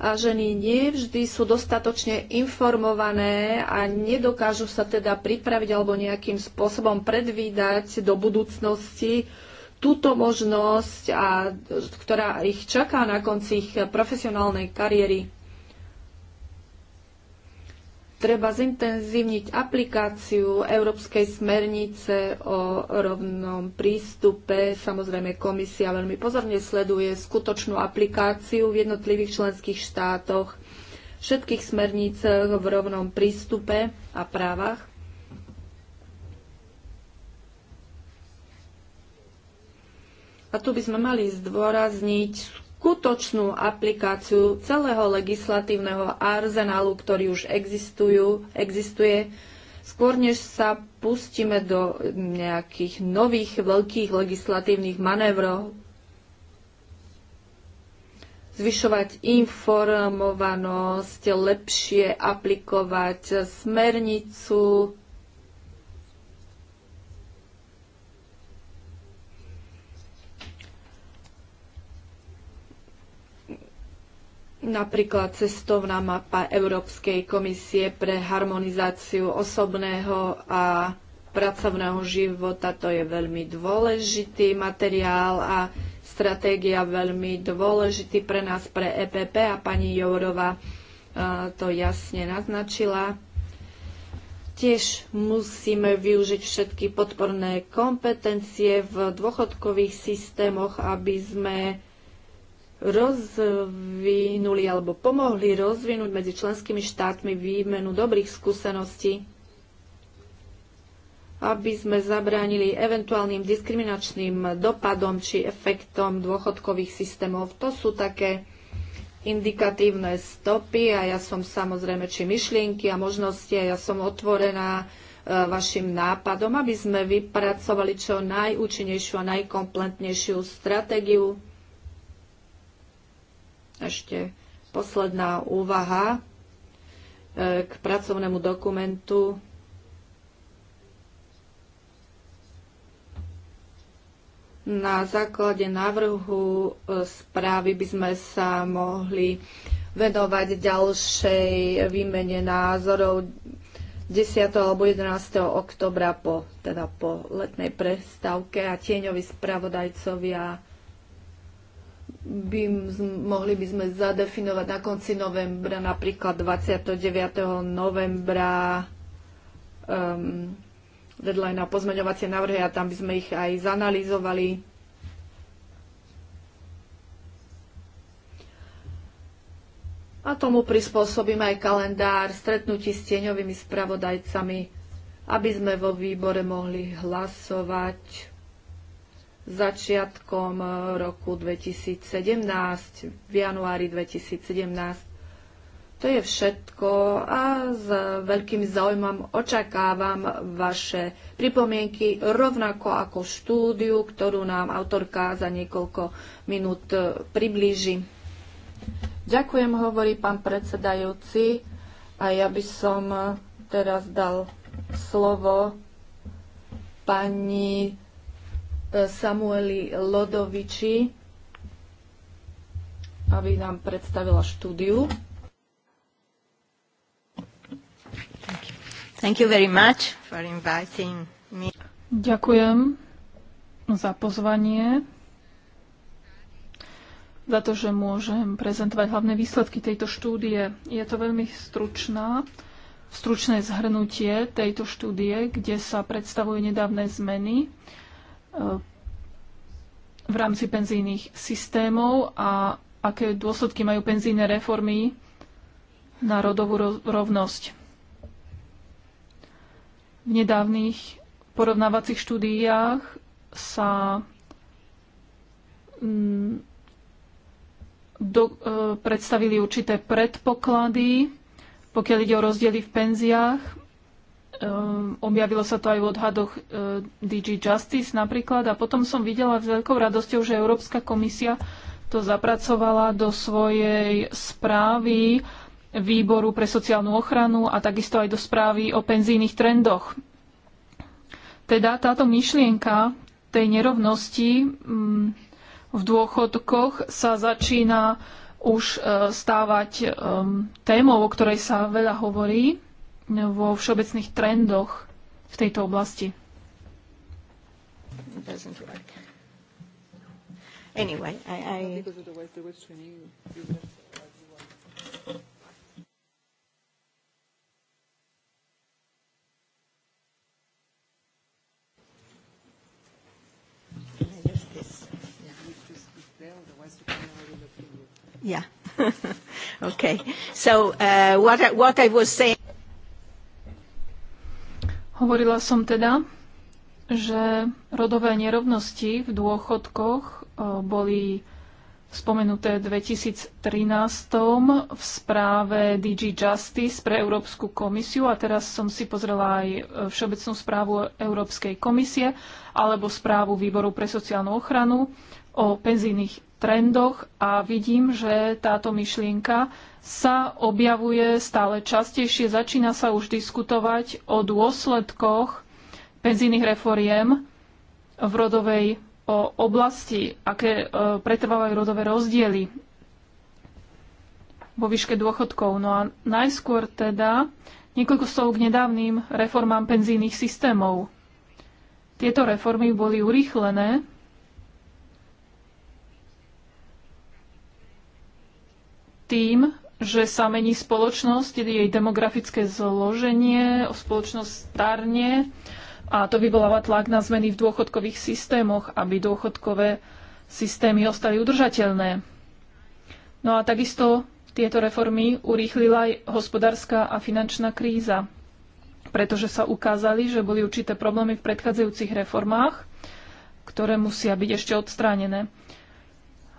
a ženy vždy sú dostatočne informované a nedokážu sa teda pripraviť alebo nejakým spôsobom predvídať do budúcnosti túto možnosť, a, ktorá ich čaká na konci ich profesionálnej kariéry. Treba zintenzívniť aplikáciu Európskej smernice o rovnom prístupe. Samozrejme, komisia veľmi pozorne sleduje skutočnú aplikáciu v jednotlivých členských štátoch všetkých smerníc v rovnom prístupe a právach. A tu by sme mali zdôrazniť skutočnú aplikáciu celého legislatívneho arzenálu, ktorý už existujú, existuje, skôr než sa pustíme do nejakých nových veľkých legislatívnych manévrov, zvyšovať informovanosť, lepšie aplikovať smernicu, napríklad cestovná mapa Európskej komisie pre harmonizáciu osobného a pracovného života. To je veľmi dôležitý materiál a stratégia veľmi dôležitý pre nás, pre EPP a pani Jourova eh, to jasne naznačila. Tiež musíme využiť všetky podporné kompetencie v dôchodkových systémoch, aby sme rozvinuli alebo pomohli rozvinúť medzi členskými štátmi výmenu dobrých skúseností, aby sme zabránili eventuálnym diskriminačným dopadom či efektom dôchodkových systémov. To sú také indikatívne stopy a ja som samozrejme či myšlienky a možnosti a ja som otvorená e, vašim nápadom, aby sme vypracovali čo najúčinnejšiu a najkompletnejšiu stratégiu ešte posledná úvaha e, k pracovnému dokumentu. Na základe návrhu e, správy by sme sa mohli venovať ďalšej výmene názorov 10. alebo 11. oktobra po, teda po letnej prestávke a tieňovi spravodajcovia by mohli by sme zadefinovať na konci novembra, napríklad 29. novembra um, deadline na pozmeňovacie návrhy a tam by sme ich aj zanalizovali. A tomu prispôsobím aj kalendár stretnutí s tieňovými spravodajcami, aby sme vo výbore mohli hlasovať začiatkom e, roku 2017, v januári 2017. To je všetko a s veľkým záujmom očakávam vaše pripomienky, rovnako ako štúdiu, ktorú nám autorka za niekoľko minút e, priblíži. Ďakujem, hovorí pán predsedajúci. A ja by som e, teraz dal slovo pani Samueli Lodoviči, aby nám predstavila štúdiu. Thank you. Thank you very much for inviting me. Ďakujem za pozvanie, za to, že môžem prezentovať hlavné výsledky tejto štúdie. Je to veľmi stručná, stručné zhrnutie tejto štúdie, kde sa predstavujú nedávne zmeny v rámci penzijných systémov a aké dôsledky majú penzijné reformy na rodovú rovnosť. V nedávnych porovnávacích štúdiách sa mm, do, e, predstavili určité predpoklady, pokiaľ ide o rozdiely v penziách Um, objavilo sa to aj v odhadoch uh, e, DG Justice napríklad a potom som videla s veľkou radosťou, že Európska komisia to zapracovala do svojej správy výboru pre sociálnu ochranu a takisto aj do správy o penzijných trendoch. Teda táto myšlienka tej nerovnosti um, v dôchodkoch sa začína už e, stávať um, témou, o ktorej sa veľa hovorí vo všeobecných trendoch v tejto oblasti. Anyway, I, I... Uh, yeah. *laughs* okay. So uh, what, I, what I was saying. Hovorila som teda, že rodové nerovnosti v dôchodkoch e, boli spomenuté 2013 v správe DG Justice pre Európsku komisiu a teraz som si pozrela aj Všeobecnú správu Európskej komisie alebo správu Výboru pre sociálnu ochranu o penzijných trendoch a vidím, že táto myšlienka sa objavuje stále častejšie. Začína sa už diskutovať o dôsledkoch penzijných reforiem v rodovej oblasti, aké e, pretrvávajú rodové rozdiely vo výške dôchodkov. No a najskôr teda niekoľko slov k nedávnym reformám penzijných systémov. Tieto reformy boli urýchlené tým, že sa mení spoločnosť, jej demografické zloženie, spoločnosť starne a to vyvoláva tlak na zmeny v dôchodkových systémoch, aby dôchodkové systémy ostali udržateľné. No a takisto tieto reformy urýchlila aj hospodárska a finančná kríza, pretože sa ukázali, že boli určité problémy v predchádzajúcich reformách, ktoré musia byť ešte odstránené.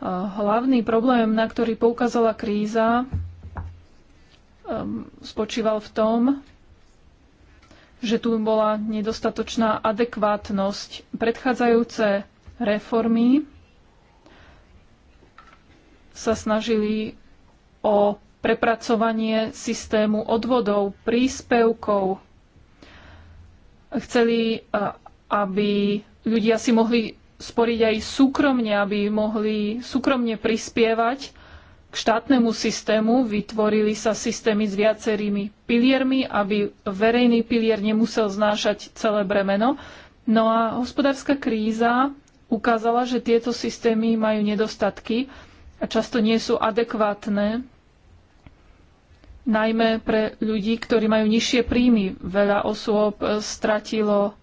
Hlavný problém, na ktorý poukázala kríza, um, spočíval v tom, že tu bola nedostatočná adekvátnosť. Predchádzajúce reformy sa snažili o prepracovanie systému odvodov, príspevkov. Chceli, aby ľudia si mohli sporiť aj súkromne, aby mohli súkromne prispievať k štátnemu systému. Vytvorili sa systémy s viacerými piliermi, aby verejný pilier nemusel znášať celé bremeno. No a hospodárska kríza ukázala, že tieto systémy majú nedostatky a často nie sú adekvátne najmä pre ľudí, ktorí majú nižšie príjmy. Veľa osôb stratilo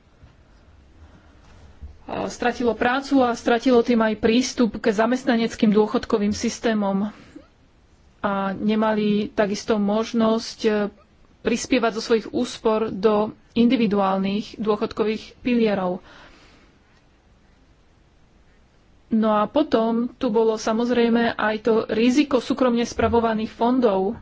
E, stratilo prácu a stratilo tým aj prístup k zamestnaneckým dôchodkovým systémom a nemali takisto možnosť e, prispievať zo svojich úspor do individuálnych dôchodkových pilierov. No a potom tu bolo samozrejme aj to riziko súkromne spravovaných fondov,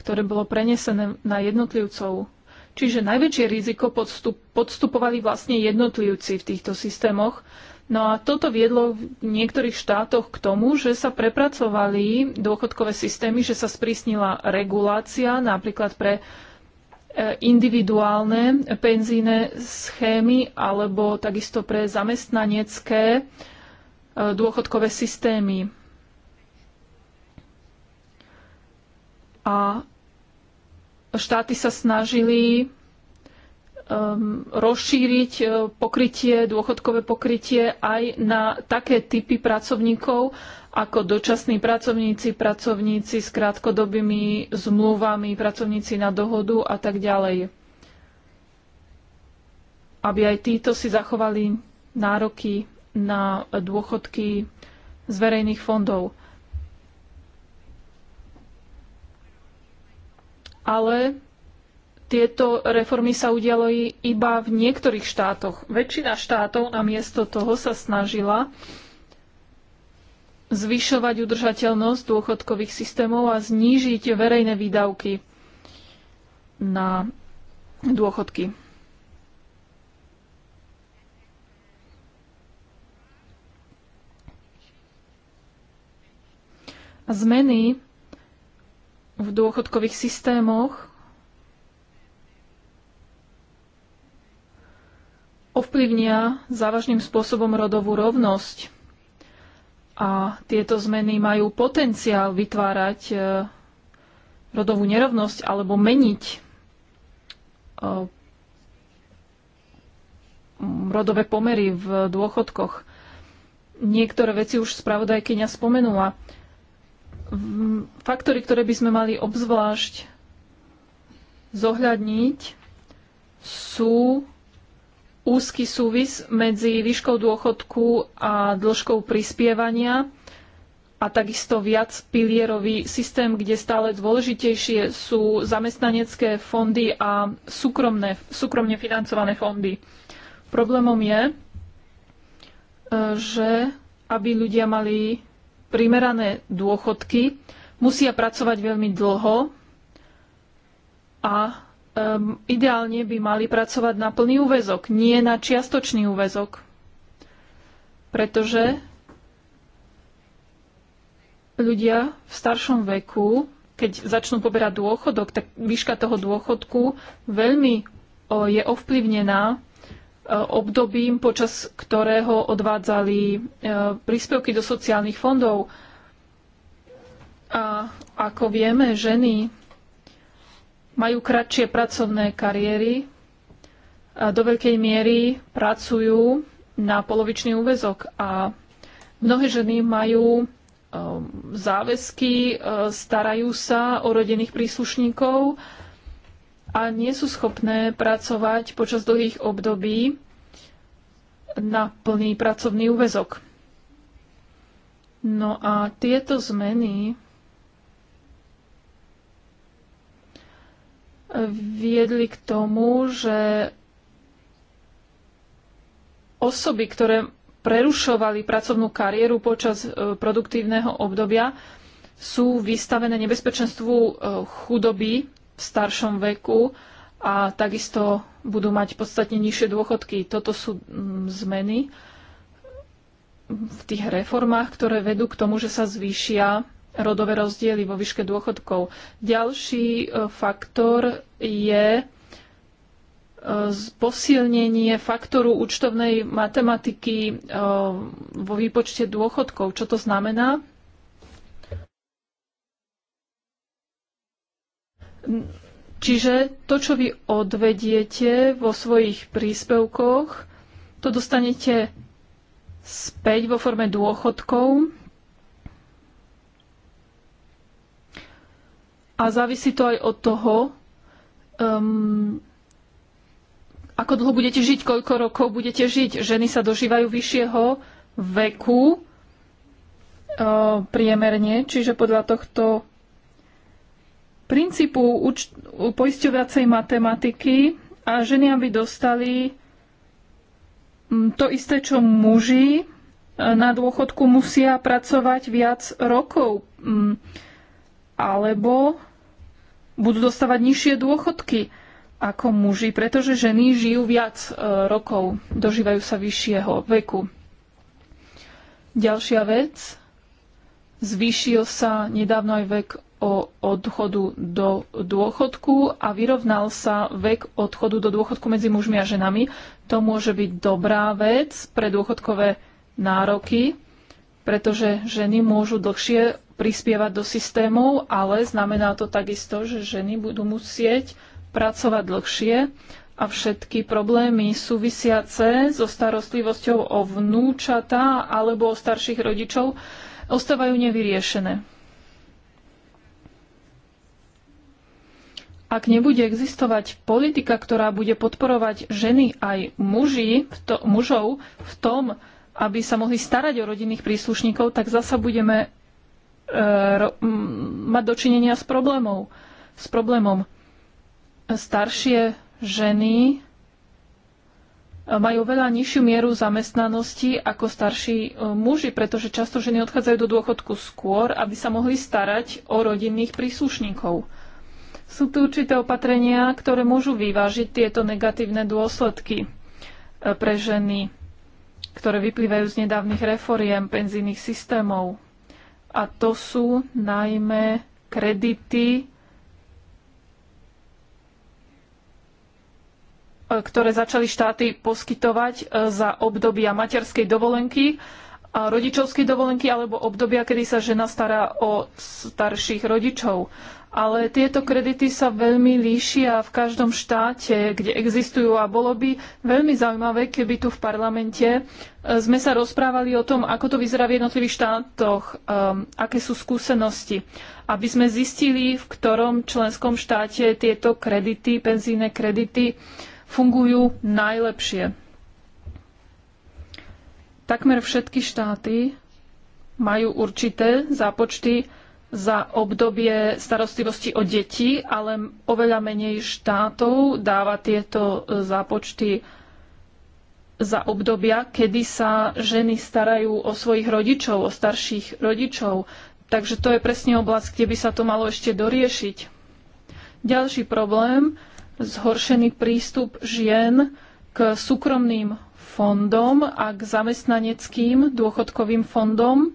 ktoré bolo prenesené na jednotlivcov. Čiže najväčšie riziko podstup, podstupovali vlastne jednotlivci v týchto systémoch. No a toto viedlo v niektorých štátoch k tomu, že sa prepracovali dôchodkové systémy, že sa sprísnila regulácia napríklad pre e, individuálne penzíne schémy alebo takisto pre zamestnanecké e, dôchodkové systémy. A Štáty sa snažili um, rozšíriť uh, pokrytie, dôchodkové pokrytie aj na také typy pracovníkov, ako dočasní pracovníci, pracovníci s krátkodobými zmluvami, pracovníci na dohodu a tak ďalej. Aby aj títo si zachovali nároky na dôchodky z verejných fondov. ale tieto reformy sa udiali iba v niektorých štátoch. Väčšina štátov namiesto toho sa snažila zvyšovať udržateľnosť dôchodkových systémov a znížiť verejné výdavky na dôchodky. Zmeny v dôchodkových systémoch ovplyvnia závažným spôsobom rodovú rovnosť. A tieto zmeny majú potenciál vytvárať e, rodovú nerovnosť alebo meniť e, rodové pomery v dôchodkoch. Niektoré veci už spravodajkyňa spomenula faktory, ktoré by sme mali obzvlášť zohľadniť, sú úzky súvis medzi výškou dôchodku a dĺžkou prispievania a takisto viac pilierový systém, kde stále dôležitejšie sú zamestnanecké fondy a súkromné, súkromne financované fondy. Problémom je, e, že aby ľudia mali primerané dôchodky, musia pracovať veľmi dlho a um, ideálne by mali pracovať na plný úvezok, nie na čiastočný úvezok. Pretože ľudia v staršom veku, keď začnú poberať dôchodok, tak výška toho dôchodku veľmi o, je ovplyvnená obdobím, počas ktorého odvádzali e, príspevky do sociálnych fondov. A ako vieme, ženy majú kratšie pracovné kariéry, a do veľkej miery pracujú na polovičný úvezok a mnohé ženy majú e, záväzky, e, starajú sa o rodinných príslušníkov, a nie sú schopné pracovať počas dlhých období na plný pracovný úvezok. No a tieto zmeny viedli k tomu, že osoby, ktoré prerušovali pracovnú kariéru počas e, produktívneho obdobia, sú vystavené nebezpečenstvu e, chudoby v staršom veku a takisto budú mať podstatne nižšie dôchodky. Toto sú mm, zmeny v tých reformách, ktoré vedú k tomu, že sa zvýšia rodové rozdiely vo výške dôchodkov. Ďalší e, faktor je e, posilnenie faktoru účtovnej matematiky e, vo výpočte dôchodkov. Čo to znamená? Čiže to, čo vy odvediete vo svojich príspevkoch, to dostanete späť vo forme dôchodkov a závisí to aj od toho, um, ako dlho budete žiť, koľko rokov budete žiť. Ženy sa dožívajú vyššieho veku, uh, priemerne, čiže podľa tohto princípu uč- poisťovacej matematiky a ženy, aby dostali mm, to isté, čo muži e, na dôchodku musia pracovať viac rokov mm, alebo budú dostávať nižšie dôchodky ako muži, pretože ženy žijú viac e, rokov, dožívajú sa vyššieho veku. Ďalšia vec, zvýšil sa nedávno aj vek o odchodu do dôchodku a vyrovnal sa vek odchodu do dôchodku medzi mužmi a ženami. To môže byť dobrá vec pre dôchodkové nároky, pretože ženy môžu dlhšie prispievať do systémov, ale znamená to takisto, že ženy budú musieť pracovať dlhšie a všetky problémy súvisiace so starostlivosťou o vnúčata alebo o starších rodičov ostávajú nevyriešené. Ak nebude existovať politika, ktorá bude podporovať ženy aj muži, to, mužov v tom, aby sa mohli starať o rodinných príslušníkov, tak zasa budeme e, ro, m, mať dočinenia s, problémom. s problémom. Staršie ženy e, majú veľa nižšiu mieru zamestnanosti ako starší e, muži, pretože často ženy odchádzajú do dôchodku skôr, aby sa mohli starať o rodinných príslušníkov. Sú tu určité opatrenia, ktoré môžu vyvážiť tieto negatívne dôsledky e, pre ženy, ktoré vyplývajú z nedávnych reforiem penzijných systémov. A to sú najmä kredity, e, ktoré začali štáty poskytovať e, za obdobia materskej dovolenky a rodičovskej dovolenky alebo obdobia, kedy sa žena stará o starších rodičov ale tieto kredity sa veľmi líšia v každom štáte, kde existujú a bolo by veľmi zaujímavé, keby tu v parlamente e, sme sa rozprávali o tom, ako to vyzerá v jednotlivých štátoch, um, aké sú skúsenosti, aby sme zistili, v ktorom členskom štáte tieto kredity, penzíne kredity fungujú najlepšie. Takmer všetky štáty majú určité zápočty za obdobie starostlivosti o deti, ale oveľa menej štátov dáva tieto e, zápočty za obdobia, kedy sa ženy starajú o svojich rodičov, o starších rodičov. Takže to je presne oblasť, kde by sa to malo ešte doriešiť. Ďalší problém, zhoršený prístup žien k súkromným fondom a k zamestnaneckým dôchodkovým fondom.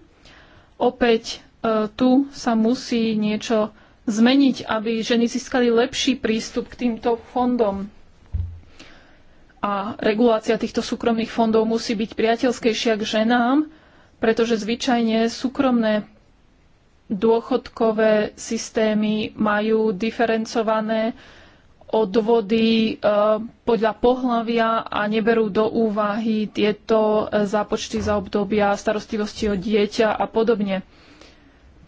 Opäť E, tu sa musí niečo zmeniť, aby ženy získali lepší prístup k týmto fondom. A regulácia týchto súkromných fondov musí byť priateľskejšia k ženám, pretože zvyčajne súkromné dôchodkové systémy majú diferencované odvody e, podľa pohlavia a neberú do úvahy tieto e, zápočty za obdobia starostlivosti o dieťa a podobne.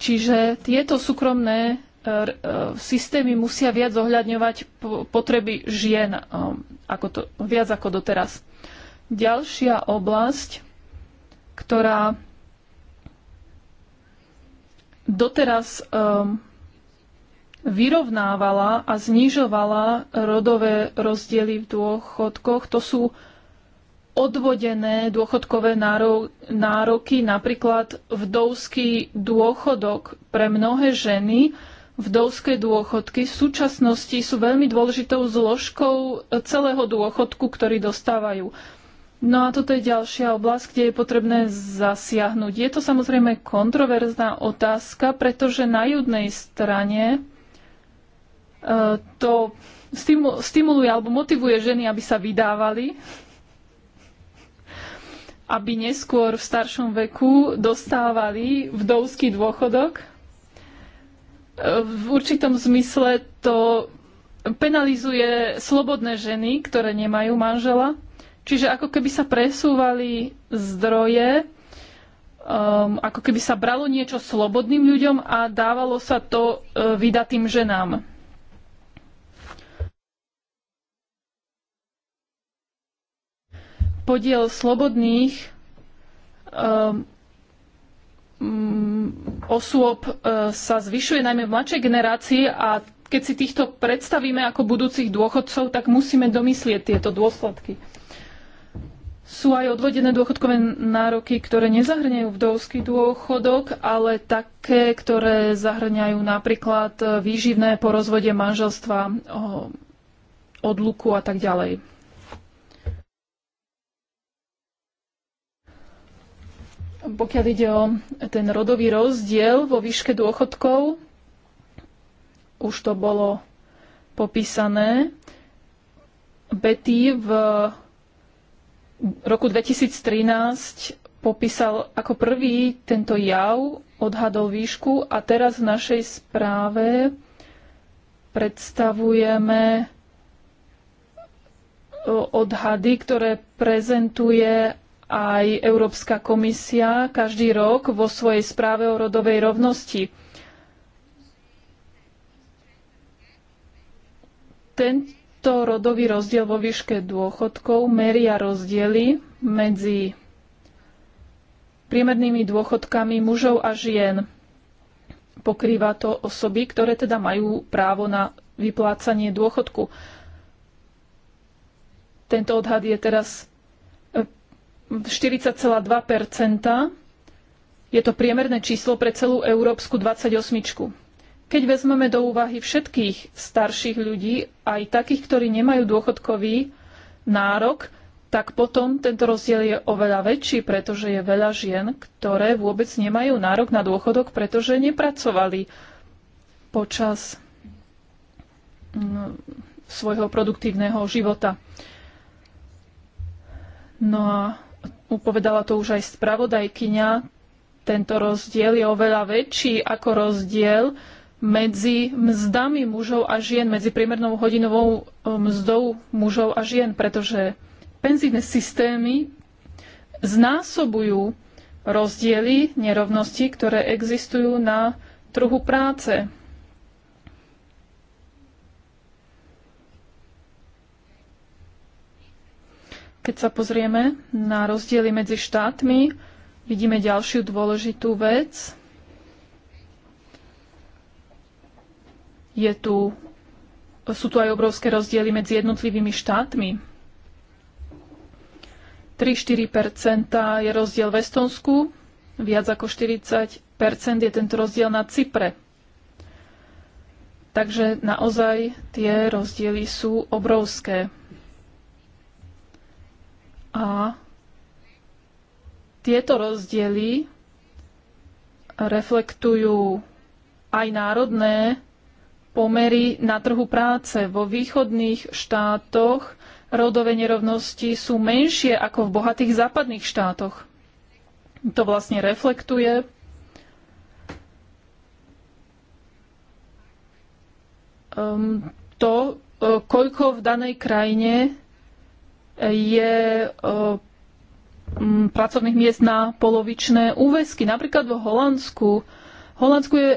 Čiže tieto súkromné e, e, systémy musia viac zohľadňovať potreby žien, e, ako to, viac ako doteraz. Ďalšia oblasť, ktorá doteraz vyrovnávala a znižovala rodové rozdiely v dôchodkoch, to sú odvodené dôchodkové nároky, napríklad vdovský dôchodok. Pre mnohé ženy vdovské dôchodky v súčasnosti sú veľmi dôležitou zložkou celého dôchodku, ktorý dostávajú. No a toto je ďalšia oblasť, kde je potrebné zasiahnuť. Je to samozrejme kontroverzná otázka, pretože na jednej strane e, to stimuluje alebo motivuje ženy, aby sa vydávali aby neskôr v staršom veku dostávali vdovský dôchodok. V určitom zmysle to penalizuje slobodné ženy, ktoré nemajú manžela. Čiže ako keby sa presúvali zdroje, um, ako keby sa bralo niečo slobodným ľuďom a dávalo sa to uh, vydatým ženám. podiel slobodných um, osôb e, sa zvyšuje najmä v mladšej generácii a keď si týchto predstavíme ako budúcich dôchodcov, tak musíme domyslieť tieto dôsledky. Sú aj odvodené dôchodkové nároky, ktoré nezahrňajú vdovský dôchodok, ale také, ktoré zahrňajú napríklad výživné po rozvode manželstva, odluku a tak ďalej. pokiaľ ide o ten rodový rozdiel vo výške dôchodkov, už to bolo popísané. Betty v roku 2013 popísal ako prvý tento jav, odhadol výšku a teraz v našej správe predstavujeme e, odhady, ktoré prezentuje aj Európska komisia každý rok vo svojej správe o rodovej rovnosti. Tento rodový rozdiel vo výške dôchodkov meria rozdiely medzi priemernými dôchodkami mužov a žien. Pokrýva to osoby, ktoré teda majú právo na vyplácanie dôchodku. Tento odhad je teraz 40,2 Je to priemerné číslo pre celú Európsku 28. Keď vezmeme do úvahy všetkých starších ľudí, aj takých, ktorí nemajú dôchodkový nárok, tak potom tento rozdiel je oveľa väčší, pretože je veľa žien, ktoré vôbec nemajú nárok na dôchodok, pretože nepracovali počas mm, svojho produktívneho života. No a Upovedala to už aj spravodajkyňa, tento rozdiel je oveľa väčší ako rozdiel medzi mzdami mužov a žien, medzi priemernou hodinovou e, mzdou mužov a žien, pretože penzíne systémy znásobujú rozdiely, nerovnosti, ktoré existujú na trhu práce. Keď sa pozrieme na rozdiely medzi štátmi, vidíme ďalšiu dôležitú vec. Je tu, sú tu aj obrovské rozdiely medzi jednotlivými štátmi. 3-4 je rozdiel v Estonsku, viac ako 40 je tento rozdiel na Cypre. Takže naozaj tie rozdiely sú obrovské. A tieto rozdiely reflektujú aj národné pomery na trhu práce. Vo východných štátoch rodové nerovnosti sú menšie ako v bohatých západných štátoch. To vlastne reflektuje um, to, koľko v danej krajine je pracovných miest na polovičné úväzky. Napríklad vo Holandsku. Holandsku je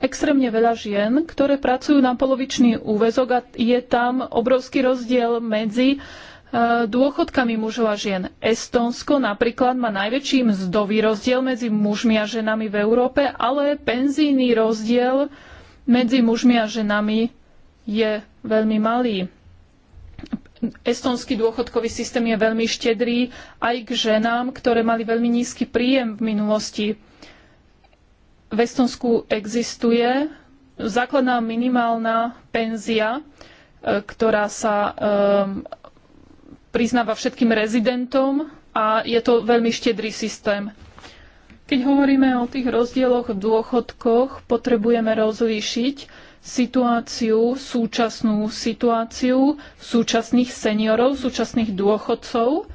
extrémne veľa žien, ktoré pracujú na polovičný úväzok a je tam obrovský rozdiel medzi e, dôchodkami mužov a žien. Estónsko napríklad má najväčší mzdový rozdiel medzi mužmi a ženami v Európe, ale penzijný rozdiel medzi mužmi a ženami je veľmi malý. Estonský dôchodkový systém je veľmi štedrý aj k ženám, ktoré mali veľmi nízky príjem v minulosti. V Estonsku existuje základná minimálna penzia, e, ktorá sa um, priznáva všetkým rezidentom a je to veľmi štedrý systém. Keď hovoríme o tých rozdieloch v dôchodkoch, potrebujeme rozlíšiť situáciu, súčasnú situáciu súčasných seniorov, súčasných dôchodcov,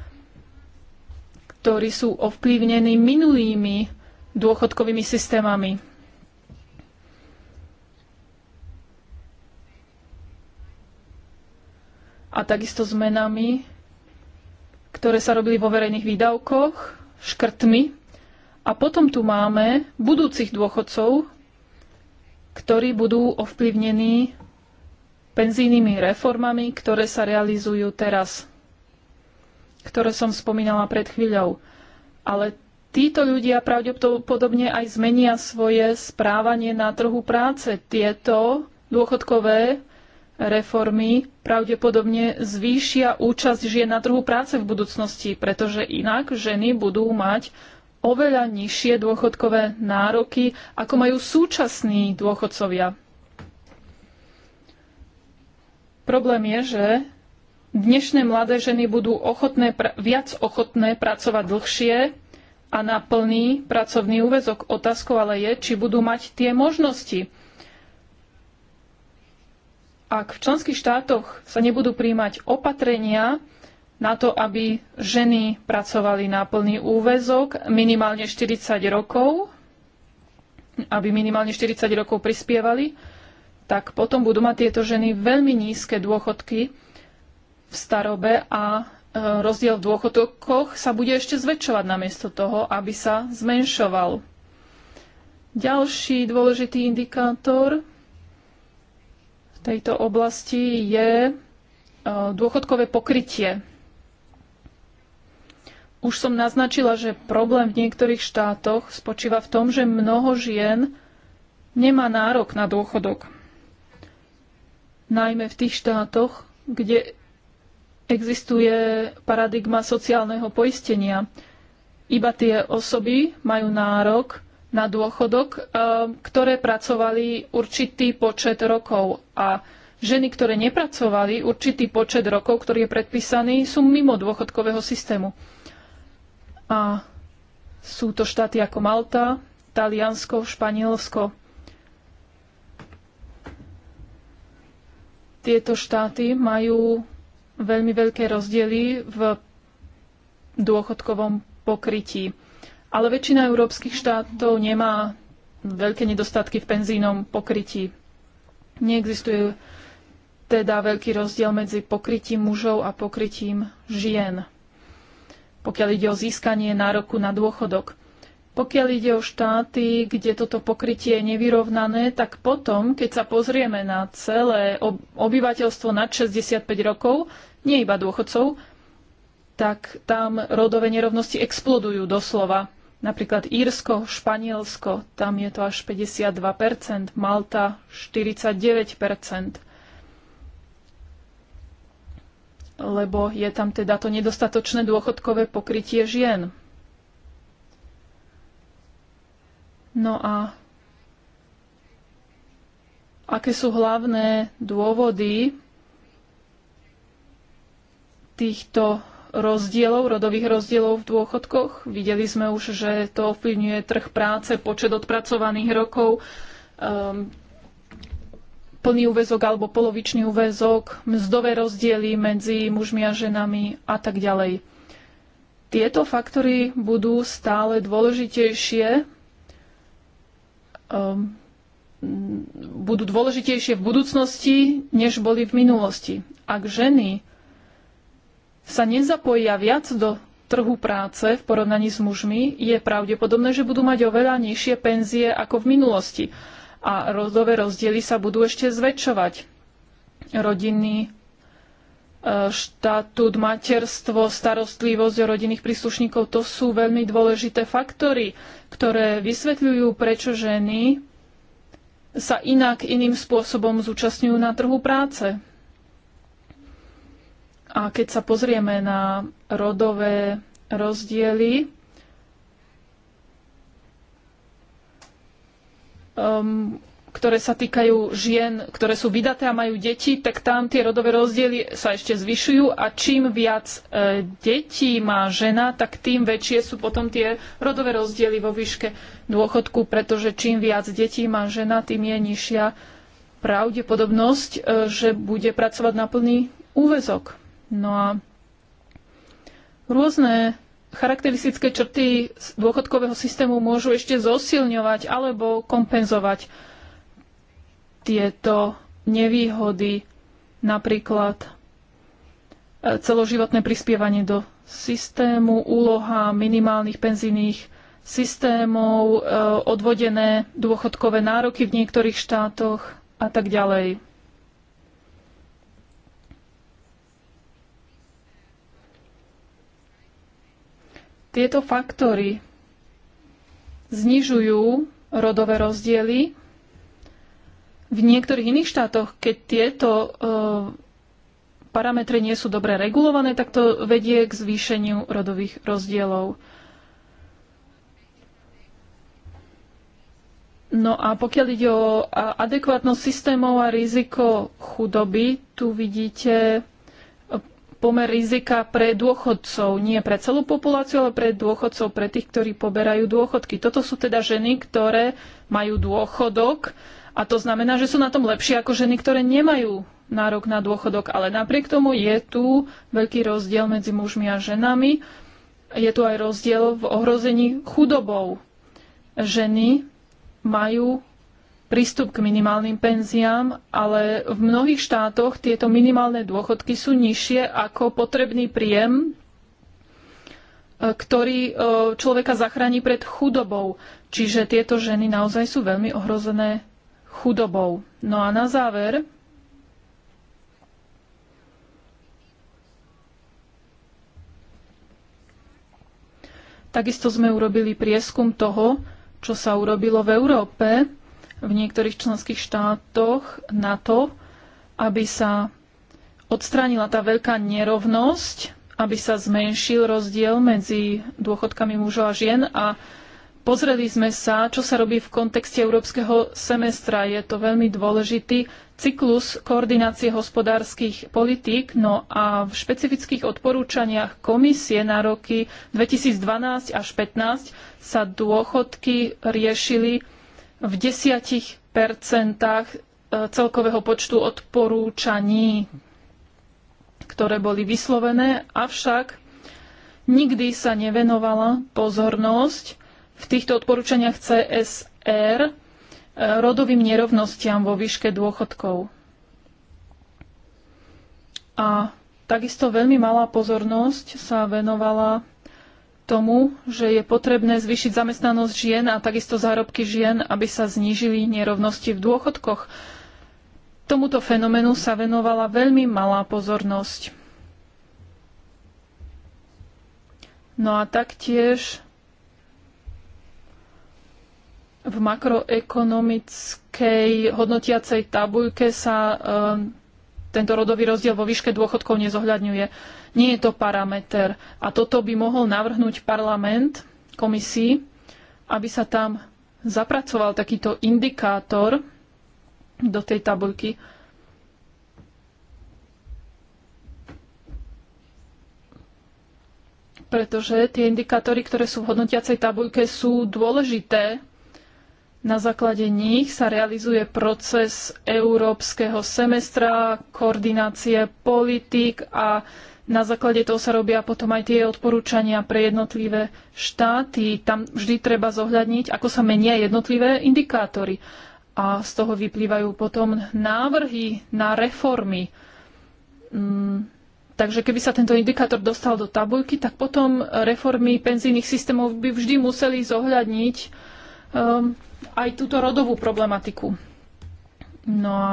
ktorí sú ovplyvnení minulými dôchodkovými systémami. A takisto zmenami, ktoré sa robili vo verejných výdavkoch, škrtmi. A potom tu máme budúcich dôchodcov, ktorí budú ovplyvnení penzijnými reformami, ktoré sa realizujú teraz, ktoré som spomínala pred chvíľou. Ale títo ľudia pravdepodobne aj zmenia svoje správanie na trhu práce. Tieto dôchodkové reformy pravdepodobne zvýšia účasť žien na trhu práce v budúcnosti, pretože inak ženy budú mať oveľa nižšie dôchodkové nároky, ako majú súčasní dôchodcovia. Problém je, že dnešné mladé ženy budú ochotné, viac ochotné pracovať dlhšie a na plný pracovný úvezok. Otázkou ale je, či budú mať tie možnosti. Ak v členských štátoch sa nebudú príjmať opatrenia, na to, aby ženy pracovali na plný úvezok minimálne 40 rokov, aby minimálne 40 rokov prispievali, tak potom budú mať tieto ženy veľmi nízke dôchodky v starobe a e, rozdiel v dôchodkoch sa bude ešte zväčšovať namiesto toho, aby sa zmenšoval. Ďalší dôležitý indikátor v tejto oblasti je e, dôchodkové pokrytie už som naznačila, že problém v niektorých štátoch spočíva v tom, že mnoho žien nemá nárok na dôchodok. Najmä v tých štátoch, kde existuje paradigma sociálneho poistenia. Iba tie osoby majú nárok na dôchodok, eh, ktoré pracovali určitý počet rokov. A ženy, ktoré nepracovali určitý počet rokov, ktorý je predpísaný, sú mimo dôchodkového systému. A sú to štáty ako Malta, Taliansko, Španielsko. Tieto štáty majú veľmi veľké rozdiely v dôchodkovom pokrytí. Ale väčšina európskych štátov nemá veľké nedostatky v penzínom pokrytí. Neexistuje teda veľký rozdiel medzi pokrytím mužov a pokrytím žien pokiaľ ide o získanie nároku na dôchodok. Pokiaľ ide o štáty, kde toto pokrytie je nevyrovnané, tak potom, keď sa pozrieme na celé obyvateľstvo nad 65 rokov, nie iba dôchodcov, tak tam rodové nerovnosti explodujú doslova. Napríklad Írsko, Španielsko, tam je to až 52%, Malta 49%. lebo je tam teda to nedostatočné dôchodkové pokrytie žien. No a aké sú hlavné dôvody týchto rozdielov, rodových rozdielov v dôchodkoch. Videli sme už, že to ovplyvňuje trh práce, počet odpracovaných rokov, um, plný úvezok alebo polovičný úvezok, mzdové rozdiely medzi mužmi a ženami a tak ďalej. Tieto faktory budú stále dôležitejšie, um, budú dôležitejšie v budúcnosti, než boli v minulosti. Ak ženy sa nezapojia viac do trhu práce v porovnaní s mužmi, je pravdepodobné, že budú mať oveľa nižšie penzie ako v minulosti a rodové rozdiely sa budú ešte zväčšovať. Rodinný e, štatút, materstvo, starostlivosť o rodinných príslušníkov, to sú veľmi dôležité faktory, ktoré vysvetľujú, prečo ženy sa inak iným spôsobom zúčastňujú na trhu práce. A keď sa pozrieme na rodové rozdiely, um, ktoré sa týkajú žien, ktoré sú vydaté a majú deti, tak tam tie rodové rozdiely sa ešte zvyšujú a čím viac e, detí má žena, tak tým väčšie sú potom tie rodové rozdiely vo výške dôchodku, pretože čím viac detí má žena, tým je nižšia pravdepodobnosť, e, že bude pracovať na plný úvezok. No a rôzne charakteristické črty dôchodkového systému môžu ešte zosilňovať alebo kompenzovať tieto nevýhody, napríklad e, celoživotné prispievanie do systému, úloha minimálnych penzijných systémov, e, odvodené dôchodkové nároky v niektorých štátoch a tak ďalej. Tieto faktory znižujú rodové rozdiely. V niektorých iných štátoch, keď tieto e, parametre nie sú dobre regulované, tak to vedie k zvýšeniu rodových rozdielov. No a pokiaľ ide o adekvátnosť systémov a riziko chudoby, tu vidíte pomer rizika pre dôchodcov. Nie pre celú populáciu, ale pre dôchodcov, pre tých, ktorí poberajú dôchodky. Toto sú teda ženy, ktoré majú dôchodok a to znamená, že sú na tom lepšie ako ženy, ktoré nemajú nárok na dôchodok. Ale napriek tomu je tu veľký rozdiel medzi mužmi a ženami. Je tu aj rozdiel v ohrození chudobou. Ženy majú prístup k minimálnym penziám, ale v mnohých štátoch tieto minimálne dôchodky sú nižšie ako potrebný príjem, e, ktorý e, človeka zachráni pred chudobou. Čiže tieto ženy naozaj sú veľmi ohrozené chudobou. No a na záver Takisto sme urobili prieskum toho, čo sa urobilo v Európe v niektorých členských štátoch na to, aby sa odstránila tá veľká nerovnosť, aby sa zmenšil rozdiel medzi dôchodkami mužov a žien a pozreli sme sa, čo sa robí v kontexte európskeho semestra. Je to veľmi dôležitý cyklus koordinácie hospodárskych politík, no a v špecifických odporúčaniach komisie na roky 2012 až 2015 sa dôchodky riešili v desiatich percentách e, celkového počtu odporúčaní, ktoré boli vyslovené, avšak nikdy sa nevenovala pozornosť v týchto odporúčaniach CSR e, rodovým nerovnostiam vo výške dôchodkov. A takisto veľmi malá pozornosť sa venovala tomu, že je potrebné zvýšiť zamestnanosť žien a takisto zárobky žien, aby sa znížili nerovnosti v dôchodkoch. Tomuto fenoménu sa venovala veľmi malá pozornosť. No a taktiež v makroekonomickej hodnotiacej tabuľke sa ehm, tento rodový rozdiel vo výške dôchodkov nezohľadňuje. Nie je to parameter. A toto by mohol navrhnúť parlament komisii, aby sa tam zapracoval takýto indikátor do tej tabuľky. Pretože tie indikátory, ktoré sú v hodnotiacej tabuľke, sú dôležité na základe nich sa realizuje proces európskeho semestra, koordinácie politík a na základe toho sa robia potom aj tie odporúčania pre jednotlivé štáty. Tam vždy treba zohľadniť, ako sa menia jednotlivé indikátory. A z toho vyplývajú potom návrhy na reformy. Mm, takže keby sa tento indikátor dostal do tabuľky, tak potom reformy penzijných systémov by vždy museli zohľadniť ehm, aj túto rodovú problematiku. No a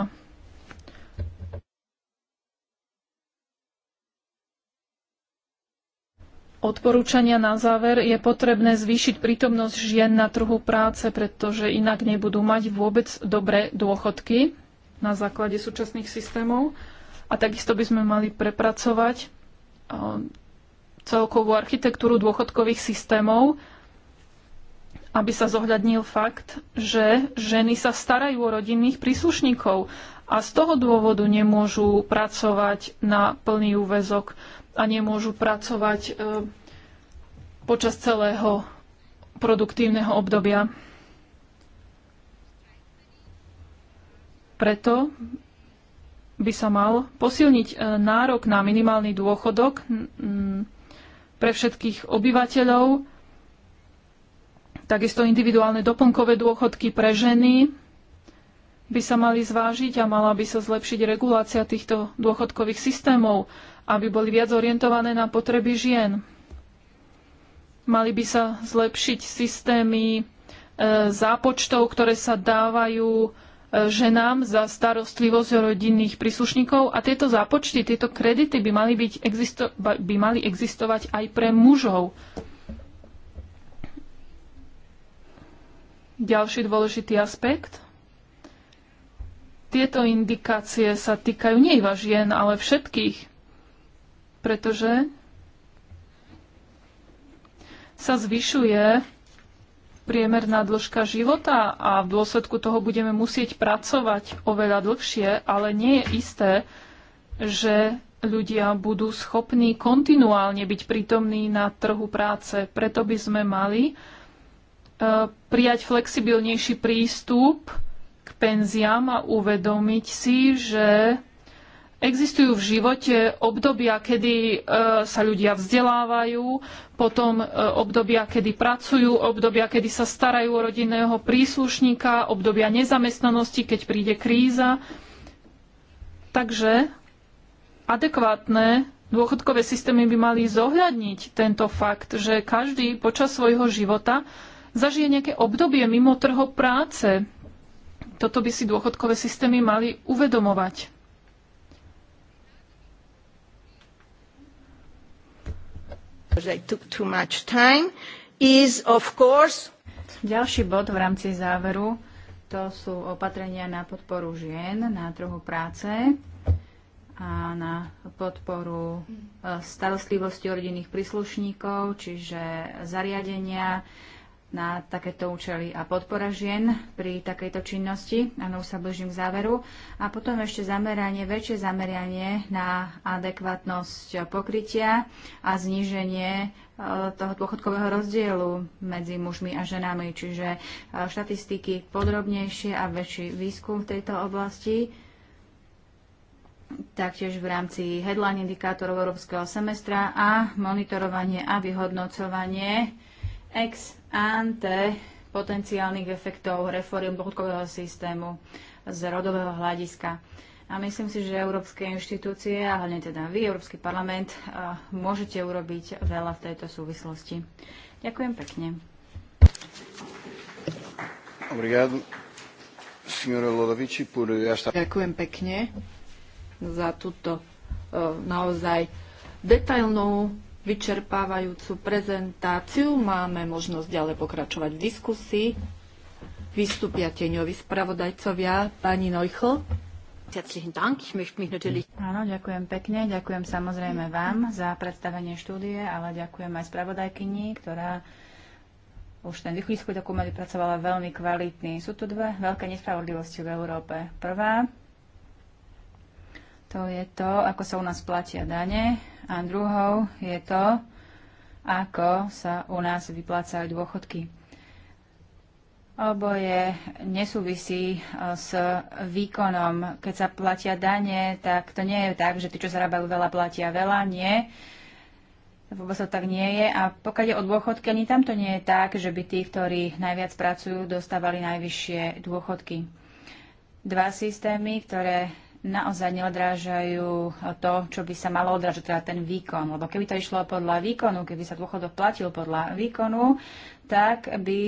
odporúčania na záver je potrebné zvýšiť prítomnosť žien na trhu práce, pretože inak nebudú mať vôbec dobré dôchodky na základe súčasných systémov. A takisto by sme mali prepracovať eh, celkovú architektúru dôchodkových systémov aby sa zohľadnil fakt, že ženy sa starajú o rodinných príslušníkov a z toho dôvodu nemôžu pracovať na plný úvezok a nemôžu pracovať e, počas celého produktívneho obdobia. Preto by sa mal posilniť e, nárok na minimálny dôchodok pre všetkých obyvateľov Takisto individuálne doplnkové dôchodky pre ženy by sa mali zvážiť a mala by sa zlepšiť regulácia týchto dôchodkových systémov, aby boli viac orientované na potreby žien. Mali by sa zlepšiť systémy e, zápočtov, ktoré sa dávajú e, ženám za starostlivosť o rodinných príslušníkov a tieto zápočty, tieto kredity by mali, byť, existo- by mali existovať aj pre mužov. Ďalší dôležitý aspekt. Tieto indikácie sa týkajú nie iba žien, ale všetkých, pretože sa zvyšuje priemerná dĺžka života a v dôsledku toho budeme musieť pracovať oveľa dlhšie, ale nie je isté, že ľudia budú schopní kontinuálne byť prítomní na trhu práce. Preto by sme mali E, prijať flexibilnejší prístup k penziám a uvedomiť si, že Existujú v živote obdobia, kedy e, sa ľudia vzdelávajú, potom e, obdobia, kedy pracujú, obdobia, kedy sa starajú o rodinného príslušníka, obdobia nezamestnanosti, keď príde kríza. Takže adekvátne dôchodkové systémy by mali zohľadniť tento fakt, že každý počas svojho života zažije nejaké obdobie mimo trho práce. Toto by si dôchodkové systémy mali uvedomovať. Ďalší bod v rámci záveru to sú opatrenia na podporu žien na trhu práce a na podporu e, starostlivosti rodinných príslušníkov, čiže zariadenia, na takéto účely a podpora žien pri takejto činnosti. Áno, už sa blížim k záveru. A potom ešte zameranie, väčšie zameranie na adekvátnosť pokrytia a zníženie e, toho dôchodkového rozdielu medzi mužmi a ženami, čiže e, štatistiky podrobnejšie a väčší výskum v tejto oblasti. Taktiež v rámci headline indikátorov Európskeho semestra a monitorovanie a vyhodnocovanie ex ante potenciálnych efektov reforiem dôchodkového systému z rodového hľadiska. A myslím si, že európske inštitúcie, a hlavne teda vy, Európsky parlament, môžete urobiť veľa v tejto súvislosti. Ďakujem pekne. Ďakujem pekne za túto e, naozaj detailnú vyčerpávajúcu prezentáciu. Máme možnosť ďalej pokračovať v diskusii. Vystúpia tieňoví spravodajcovia. Pani Neuchl. Áno, ďakujem pekne. Ďakujem samozrejme vám za predstavenie štúdie, ale ďakujem aj spravodajkyni, ktorá už ten východiskový dokument pracovala veľmi kvalitný. Sú tu dve veľké nespravodlivosti v Európe. Prvá, to je to, ako sa u nás platia dane a druhou je to, ako sa u nás vyplácajú dôchodky. Oboje nesúvisí e, s výkonom. Keď sa platia dane, tak to nie je tak, že tí, čo zarábajú veľa, platia veľa. Nie. Vôbec to tak nie je. A pokiaľ je o dôchodky, ani tam to nie je tak, že by tí, ktorí najviac pracujú, dostávali najvyššie dôchodky. Dva systémy, ktoré naozaj neodrážajú to, čo by sa malo odrážať, teda ten výkon. Lebo keby to išlo podľa výkonu, keby sa dôchodok platil podľa výkonu, tak by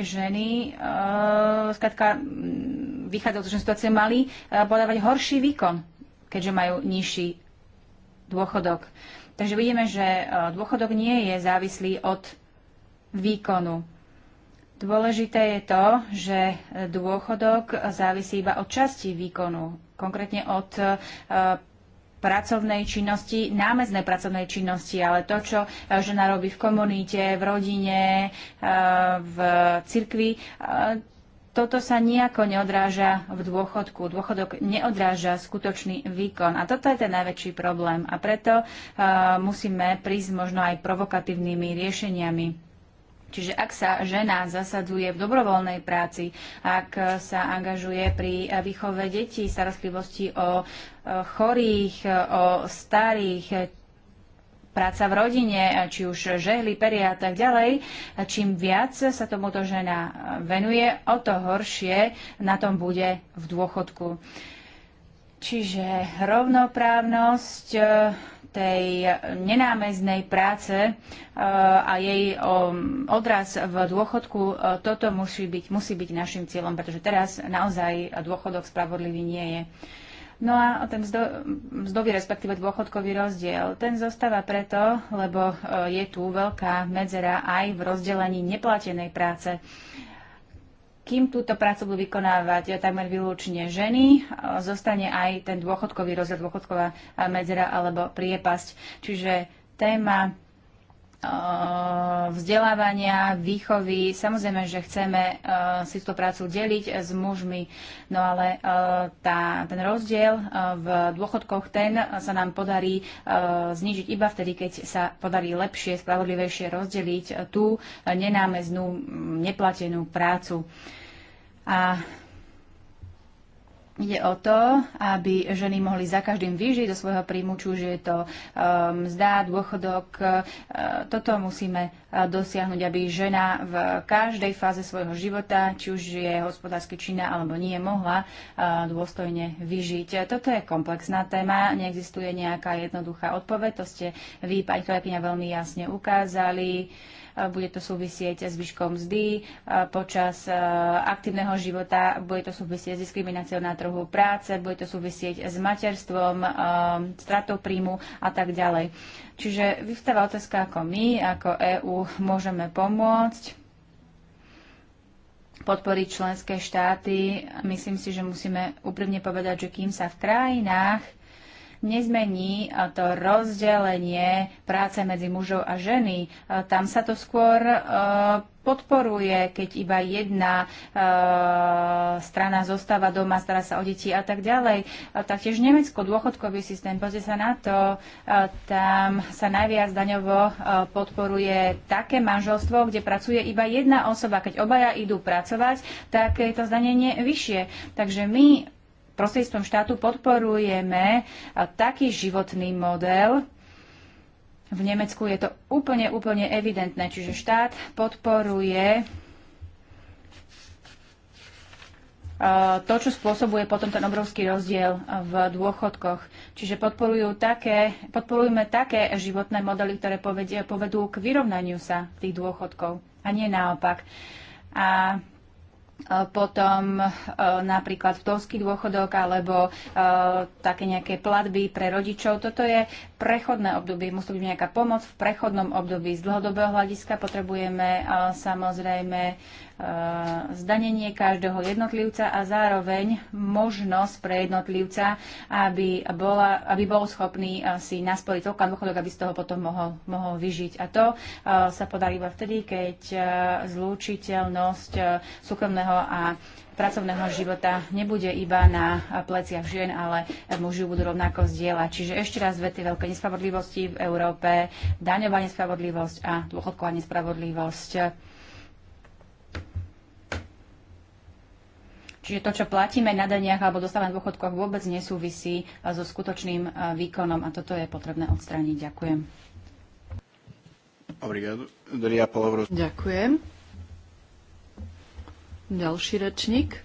ženy e, skratka vychádzajú z situácie mali e, podávať horší výkon, keďže majú nižší dôchodok. Takže vidíme, že e, dôchodok nie je závislý od výkonu. Dôležité je to, že dôchodok závisí iba od časti výkonu konkrétne od e, pracovnej činnosti, námeznej pracovnej činnosti, ale to, čo e, žena robí v komunite, v rodine, e, v cirkvi, toto sa nejako neodráža v dôchodku. Dôchodok neodráža skutočný výkon. A toto je ten najväčší problém. A preto musíme prísť možno aj provokatívnymi riešeniami. Čiže ak sa žena zasadzuje v dobrovoľnej práci, ak sa angažuje pri výchove detí, starostlivosti o chorých, o starých, práca v rodine, či už žehli, peria a tak ďalej. Čím viac sa tomuto žena venuje, o to horšie na tom bude v dôchodku. Čiže rovnoprávnosť tej nenámeznej práce e, a jej odraz v dôchodku, e, toto musí byť, musí byť našim cieľom, pretože teraz naozaj dôchodok spravodlivý nie je. No a ten mzdo, mzdový, respektíve dôchodkový rozdiel, ten zostáva preto, lebo e, je tu veľká medzera aj v rozdelení neplatenej práce kým túto prácu budú vykonávať takmer vylúčne ženy, zostane aj ten dôchodkový rozdiel, dôchodková eh, medzera alebo priepasť. Čiže téma eh, vzdelávania, výchovy. Samozrejme, že chceme eh, si tú prácu deliť s mužmi, no ale tá, ten rozdiel v dôchodkoch, ten sa nám podarí znižiť iba vtedy, keď sa podarí lepšie, spravodlivejšie rozdeliť tú nenámeznú, mm, neplatenú prácu. A Ide o to, aby ženy mohli za každým vyžiť do svojho príjmu, či už je to um, mzda, dôchodok. Uh, toto musíme uh, dosiahnuť, aby žena v každej fáze svojho života, či už je hospodársky činná alebo nie, mohla uh, dôstojne vyžiť. Toto je komplexná téma, neexistuje nejaká jednoduchá odpoveď, to ste vy, pani Klepiňa, veľmi jasne ukázali bude to súvisieť s výškom mzdy, počas aktívneho života bude to súvisieť s diskrimináciou na trhu práce, bude to súvisieť s materstvom, stratou príjmu a tak ďalej. Čiže vyvstáva otázka, ako my, ako EÚ môžeme pomôcť podporiť členské štáty. Myslím si, že musíme úprimne povedať, že kým sa v krajinách nezmení to rozdelenie práce medzi mužov a ženy. Tam sa to skôr e, podporuje, keď iba jedna e, strana zostáva doma, stará sa o deti a tak ďalej. taktiež Nemecko, dôchodkový systém, pozrite sa na to, e, tam sa najviac daňovo podporuje také manželstvo, kde pracuje iba jedna osoba. Keď obaja idú pracovať, tak je to zdanenie vyššie. Takže my prostredstvom štátu podporujeme taký životný model, v Nemecku je to úplne, úplne evidentné, čiže štát podporuje eh, to, čo spôsobuje potom ten obrovský rozdiel v dôchodkoch. Čiže podporujú také, podporujeme také životné modely, ktoré povedú k vyrovnaniu sa tých dôchodkov a nie naopak. A potom e, napríklad vdovský dôchodok alebo e, také nejaké platby pre rodičov. Toto je prechodné obdobie, musí byť nejaká pomoc v prechodnom období. Z dlhodobého hľadiska potrebujeme samozrejme e, zdanenie každého jednotlivca a zároveň možnosť pre jednotlivca, aby, bola, aby bol schopný e, si nasporiť celkom dôchodok, aby z toho potom mohol, mohol vyžiť. A to e, sa podarí iba vtedy, keď zlúčiteľnosť súkromného a pracovného života nebude iba na pleciach žien, ale muži budú rovnako zdieľať. Čiže ešte raz dve tie veľké nespravodlivosti v Európe, daňová nespravodlivosť a dôchodková nespravodlivosť. Čiže to, čo platíme na daniach alebo dostávame v dôchodkoch, vôbec nesúvisí eh, so skutočným eh, výkonom a toto je potrebné odstrániť. Ďakujem. Ďakujem. Ďalší rečník.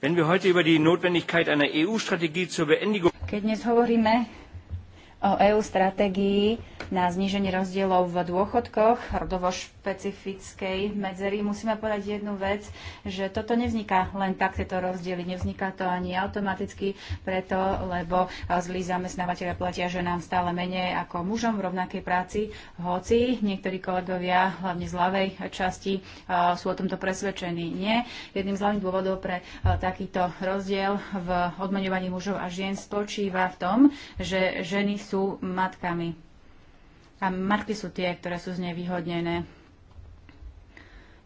Wenn wir heute über die Notwendigkeit einer EU-Strategie zur Beendigung keď dnes hovoríme o EU stratégii na zníženie rozdielov v dôchodkoch, rodovo špecifickej medzery, musíme povedať jednu vec, že toto nevzniká len tak, tieto rozdiely, nevzniká to ani automaticky, preto, lebo zlí zamestnávateľe platia ženám stále menej ako mužom v rovnakej práci, hoci niektorí kolegovia, hlavne z ľavej časti, eh, sú o tomto presvedčení. Nie. Jedným z hlavných dôvodov pre eh, takýto rozdiel v odmeňovaní mužov a žien spočíva v tom, že ženy sú sú matkami. A matky sú tie, ktoré sú znevýhodnené.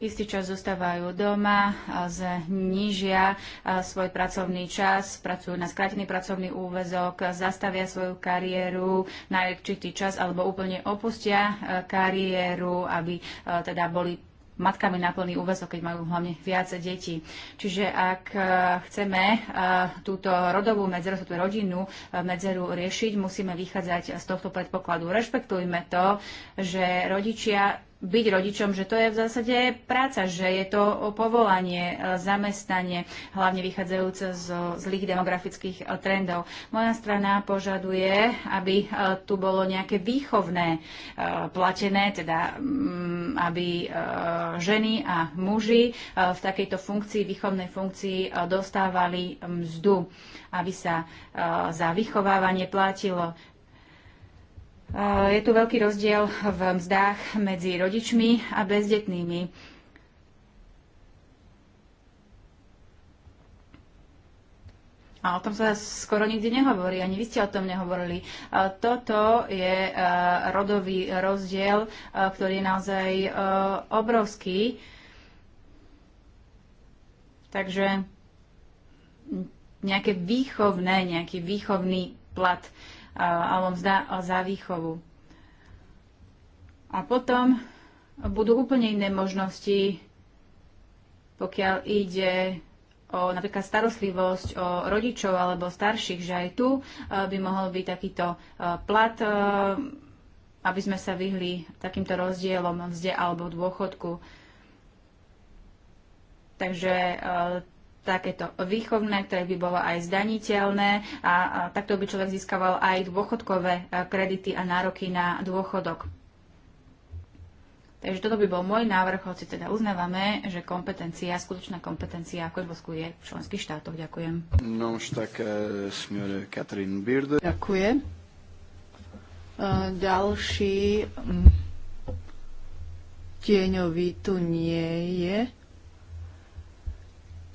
Istý čas zostávajú doma, znížia svoj pracovný čas, pracujú na skrátený pracovný úvezok, zastavia svoju kariéru na určitý čas alebo úplne opustia kariéru, aby teda boli matkami na plný úvezok, keď majú hlavne viac detí. Čiže ak e, chceme e, túto rodovú medzeru, túto rodinnú e, medzeru riešiť, musíme vychádzať z tohto predpokladu. Rešpektujme to, že rodičia byť rodičom, že to je v zásade práca, že je to povolanie, e, zamestnanie, hlavne vychádzajúce z zlých demografických e, trendov. Moja strana požaduje, aby e, tu bolo nejaké výchovné platené, teda mm, aby ženy a muži v takejto funkcii, výchovnej funkcii dostávali mzdu, aby sa za vychovávanie platilo je tu veľký rozdiel v mzdách medzi rodičmi a bezdetnými. A o tom sa skoro nikdy nehovorí, ani vy ste o tom nehovorili. Toto je e, rodový rozdiel, e, ktorý je naozaj e, obrovský. Takže nejaké výchovné, nejaký výchovný plat. Uh, alebo mzda za výchovu. A potom budú úplne iné možnosti, pokiaľ ide o napríklad starostlivosť o rodičov alebo starších, že aj tu e, by mohol byť takýto e, plat, e, aby sme sa vyhli takýmto rozdielom vzde alebo dôchodku. Takže takéto výchovné, ktoré by bolo aj zdaniteľné a, a takto by človek získaval aj dôchodkové e, kredity a nároky na dôchodok. Takže toto by bol môj návrh, hoci teda uznávame, že kompetencia, skutočná kompetencia v Kožbosku je v členských štátoch. Ďakujem. No už tak, e, smer Katrin Birde. Ďakujem. E, ďalší tieňový tu nie je.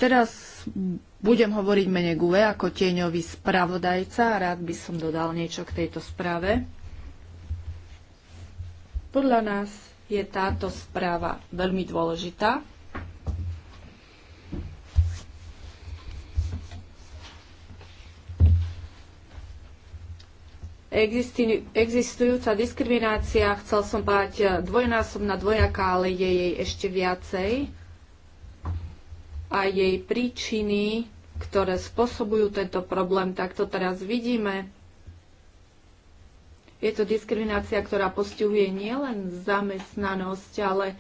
Teraz budem hovoriť mene GUE ako tieňový spravodajca a rád by som dodal niečo k tejto správe. Podľa nás je táto správa veľmi dôležitá. Existujúca diskriminácia, chcel som povedať dvojnásobná dvojaká, ale je jej ešte viacej a jej príčiny, ktoré spôsobujú tento problém, tak to teraz vidíme. Je to diskriminácia, ktorá postihuje nielen zamestnanosť, ale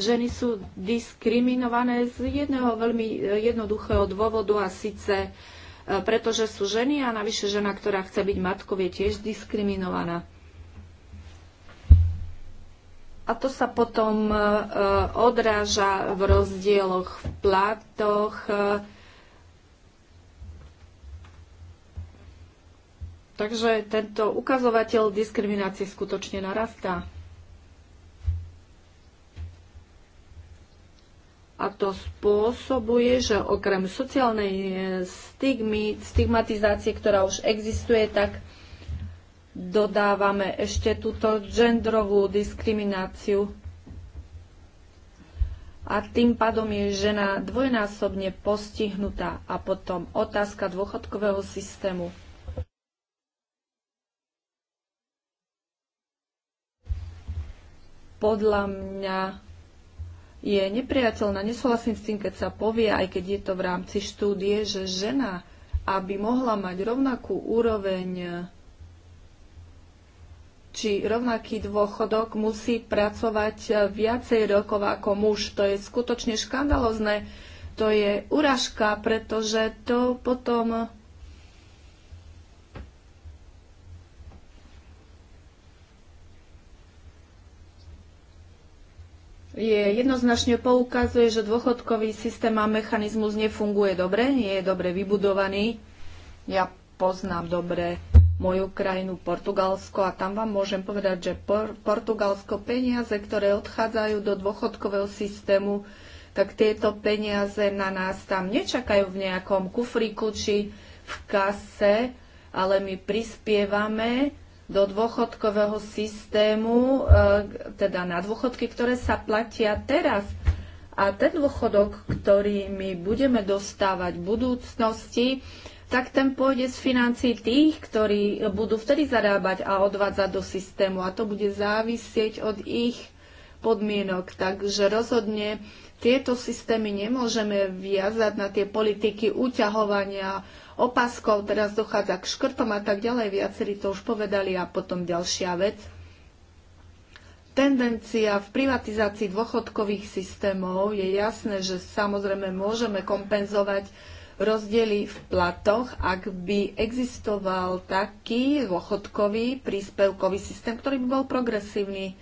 ženy sú diskriminované z jedného veľmi jednoduchého dôvodu a síce e, pretože sú ženy a navyše žena, ktorá chce byť matkou, je tiež diskriminovaná. A to sa potom e, e, odráža v rozdieloch v platoch. E. Takže tento ukazovateľ diskriminácie skutočne narastá. A to spôsobuje, že okrem sociálnej stigmy, stigmatizácie, ktorá už existuje, tak dodávame ešte túto gendrovú diskrimináciu. A tým pádom je žena dvojnásobne postihnutá. A potom otázka dôchodkového systému. Podľa mňa je nepriateľná. Nesúhlasím s tým, keď sa povie, aj keď je to v rámci štúdie, že žena, aby mohla mať rovnakú úroveň či rovnaký dôchodok musí pracovať e, viacej rokov ako muž. To je skutočne škandalozne. To je uražka, pretože to potom je jednoznačne poukazuje, že dôchodkový systém a mechanizmus nefunguje dobre, nie je dobre vybudovaný. Ja poznám dobre moju krajinu Portugalsko a tam vám môžem povedať, že por- Portugalsko peniaze, ktoré odchádzajú do dôchodkového systému, tak tieto peniaze na nás tam nečakajú v nejakom kufriku či v kase, ale my prispievame do dôchodkového systému, e, teda na dôchodky, ktoré sa platia teraz. A ten dôchodok, ktorý my budeme dostávať v budúcnosti, tak ten pôjde z financií tých, ktorí budú vtedy zarábať a odvádzať do systému a to bude závisieť od ich podmienok. Takže rozhodne tieto systémy nemôžeme viazať na tie politiky uťahovania opaskov, teraz dochádza k škrtom a tak ďalej, viacerí to už povedali a potom ďalšia vec. Tendencia v privatizácii dôchodkových systémov je jasné, že samozrejme môžeme kompenzovať rozdiely v platoch, ak by existoval taký dôchodkový príspevkový systém, ktorý by bol progresívny.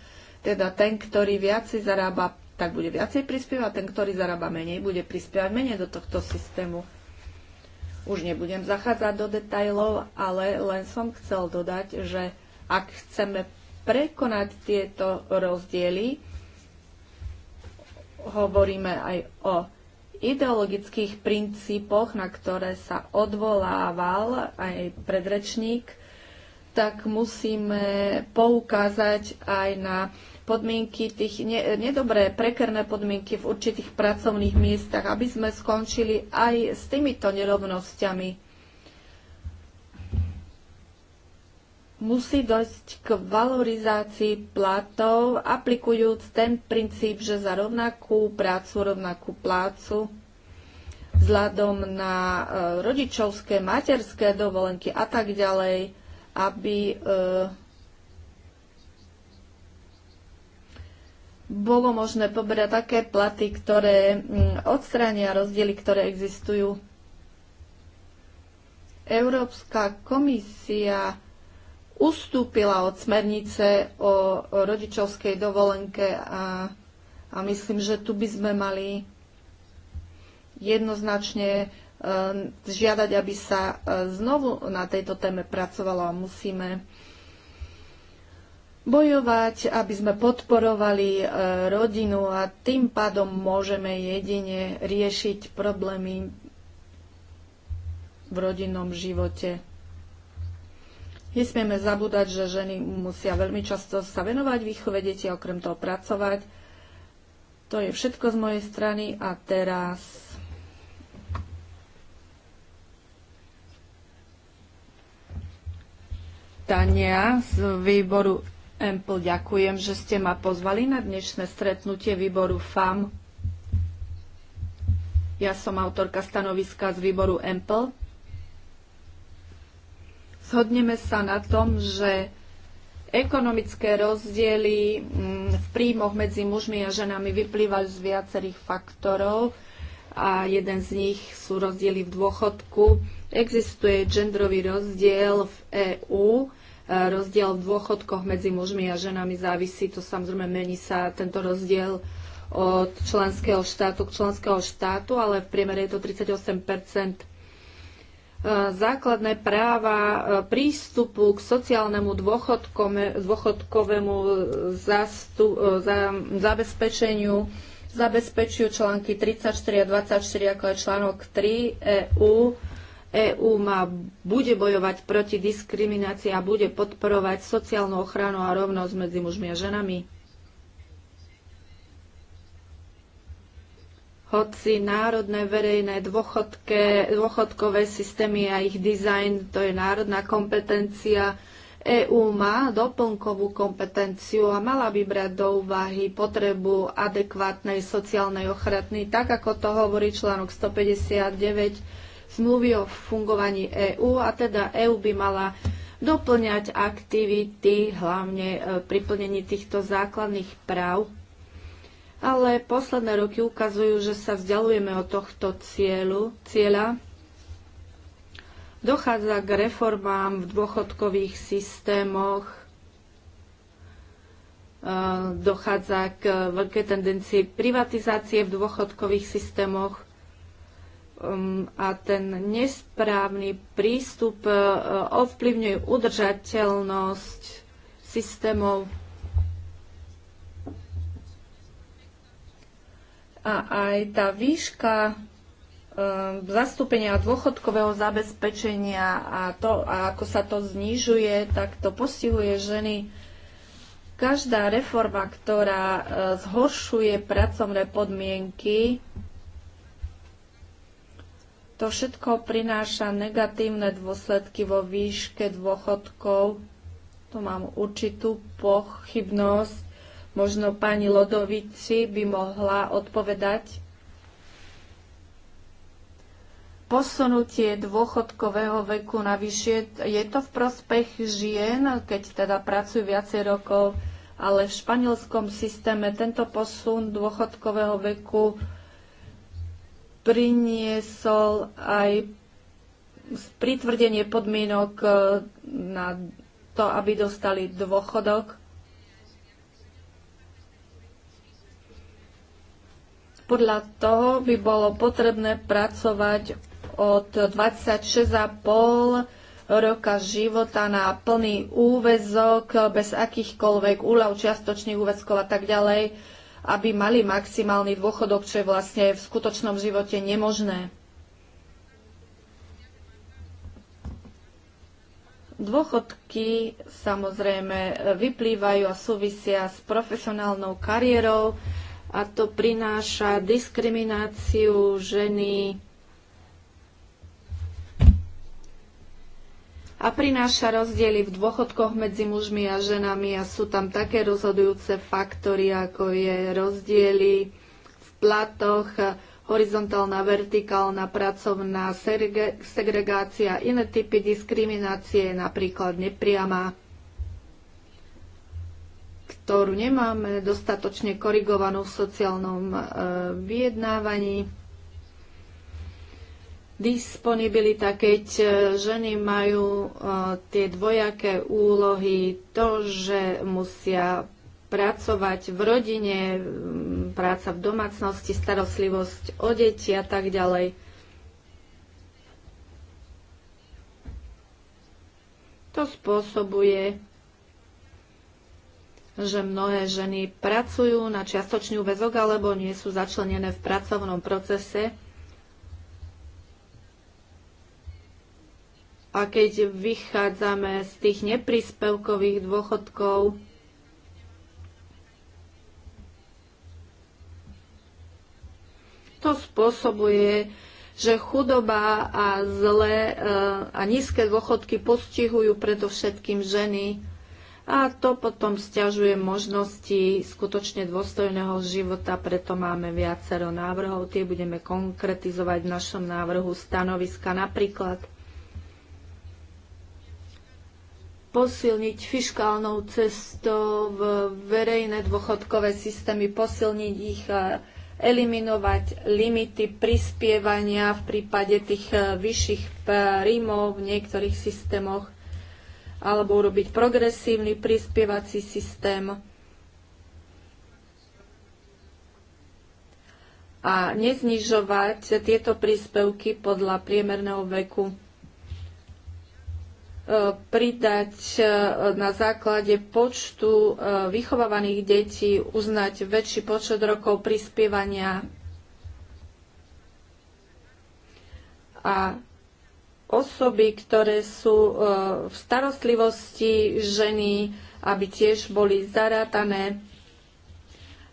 Teda ten, ktorý viacej zarába, tak bude viacej prispievať, ten, ktorý zarába menej, bude prispievať menej do tohto systému. Už nebudem zachádzať do detajlov, ale len som chcel dodať, že ak chceme prekonať tieto rozdiely, hovoríme aj o ideologických princípoch, na ktoré sa odvolával aj predrečník, tak musíme poukázať aj na podmienky, tých ne, nedobré, prekerné podmienky v určitých pracovných miestach, aby sme skončili aj s týmito nerovnosťami. musí dojsť k valorizácii platov, aplikujúc ten princíp, že za rovnakú prácu, rovnakú plácu, vzhľadom na e, rodičovské, materské dovolenky a tak ďalej, aby e, bolo možné poberať také platy, ktoré mm, odstránia rozdiely, ktoré existujú. Európska komisia ustúpila od smernice o rodičovskej dovolenke a, a myslím, že tu by sme mali jednoznačne e, žiadať, aby sa e, znovu na tejto téme pracovalo a musíme bojovať, aby sme podporovali e, rodinu a tým pádom môžeme jedine riešiť problémy v rodinnom živote. Nesmieme zabúdať, že ženy musia veľmi často sa venovať výchove detí a okrem toho pracovať. To je všetko z mojej strany a teraz Tania z výboru EMPL. Ďakujem, že ste ma pozvali na dnešné stretnutie výboru FAM. Ja som autorka stanoviska z výboru EMPL Zhodneme sa na tom, že ekonomické rozdiely mm, v príjmoch medzi mužmi a ženami vyplývajú z viacerých faktorov a jeden z nich sú rozdiely v dôchodku. Existuje genderový rozdiel v EÚ, e, rozdiel v dôchodkoch medzi mužmi a ženami závisí, to samozrejme mení sa tento rozdiel od členského štátu k členského štátu, ale v priemere je to 38 E, základné práva e, prístupu k sociálnemu dôchodkovému e, za, zabezpečeniu zabezpečujú články 34 a 24, ako je článok 3 EÚ. EÚ má, bude bojovať proti diskriminácii a bude podporovať sociálnu ochranu a rovnosť medzi mužmi a ženami. hoci národné verejné dôchodkové systémy a ich dizajn, to je národná kompetencia, EÚ má doplnkovú kompetenciu a mala by brať do úvahy potrebu adekvátnej sociálnej ochrany, tak ako to hovorí článok 159 zmluvy o fungovaní EÚ a teda EÚ by mala doplňať aktivity, hlavne e, pri plnení týchto základných práv ale posledné roky ukazujú, že sa vzdialujeme od tohto cieľu, cieľa. Dochádza k reformám v dôchodkových systémoch, e, dochádza k veľkej tendencii privatizácie v dôchodkových systémoch a ten nesprávny prístup e, ovplyvňuje udržateľnosť systémov a aj tá výška ehm, zastúpenia dôchodkového zabezpečenia a to, a ako sa to znižuje, tak to postihuje ženy. Každá reforma, ktorá eh, zhoršuje pracovné podmienky, to všetko prináša negatívne dôsledky vo výške dôchodkov. Tu mám určitú pochybnosť Možno pani Lodovici by mohla odpovedať. Posunutie dôchodkového veku na je to v prospech žien, keď teda pracujú viacej rokov, ale v španielskom systéme tento posun dôchodkového veku priniesol aj pritvrdenie podmienok eh, na to, aby dostali dôchodok. Podľa toho by bolo potrebné pracovať od 26,5 roka života na plný úvezok, bez akýchkoľvek úľav, čiastočných úvezkov a tak ďalej, aby mali maximálny dôchodok, čo je vlastne v skutočnom živote nemožné. Dôchodky samozrejme vyplývajú a súvisia s profesionálnou kariérou, a to prináša diskrimináciu ženy a prináša rozdiely v dôchodkoch medzi mužmi a ženami a sú tam také rozhodujúce faktory, ako je rozdiely v platoch, horizontálna, vertikálna, pracovná segregácia, iné typy diskriminácie, napríklad nepriama ktorú nemáme dostatočne korigovanú v sociálnom e, vyjednávaní. Disponibilita, keď e, ženy majú e, tie dvojaké úlohy, to, že musia pracovať v rodine, práca v domácnosti, starostlivosť o deti a tak ďalej. To spôsobuje že mnohé ženy pracujú na čiastočný väzok alebo nie sú začlenené v pracovnom procese. A keď vychádzame z tých nepríspevkových dôchodkov, to spôsobuje, že chudoba a zlé e, a nízke dôchodky postihujú predovšetkým ženy a to potom stiažuje možnosti skutočne dôstojného života, preto máme viacero návrhov, tie budeme konkretizovať v našom návrhu stanoviska. Napríklad posilniť fiškálnou cestou v verejné dôchodkové systémy, posilniť ich eliminovať limity prispievania v prípade tých eh, vyšších eh, príjmov v niektorých systémoch alebo urobiť progresívny prispievací systém. a neznižovať tieto príspevky podľa priemerného veku. E, pridať e, na základe počtu e, vychovávaných detí, uznať väčší počet rokov prispievania a osoby, ktoré sú e, v starostlivosti ženy, aby tiež boli zarátané.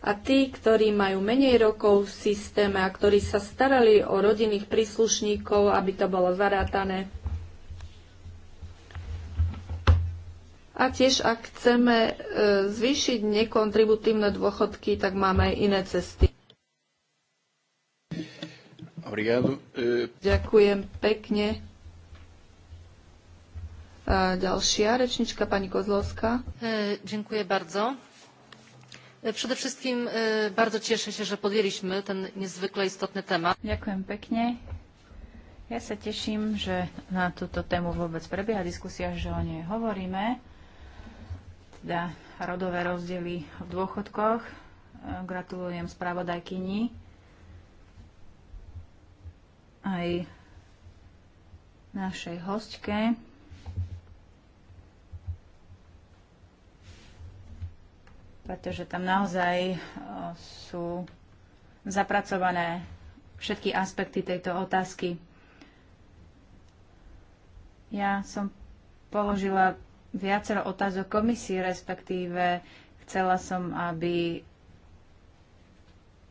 A tí, ktorí majú menej rokov v systéme a ktorí sa starali o rodinných príslušníkov, aby to bolo zarátané. A tiež, ak chceme e, zvýšiť nekontributívne dôchodky, tak máme aj iné cesty. E, Ďakujem pekne. Ďalšia rečnička, pani Kozlovská. E, dziękuję bardzo. E, przede wszystkim e, bardzo cieszę się, że podjęliśmy ten niezwykle istotny temat. Ďakujem pekne. Ja sa teším, že na túto tému vôbec prebieha diskusia, že o nej hovoríme. Teda rodové rozdiely v dôchodkoch. Gratulujem spravodajkyni. Aj našej hostke. pretože tam naozaj e, sú zapracované všetky aspekty tejto otázky. Ja som položila viacero otázok komisii, respektíve chcela som, aby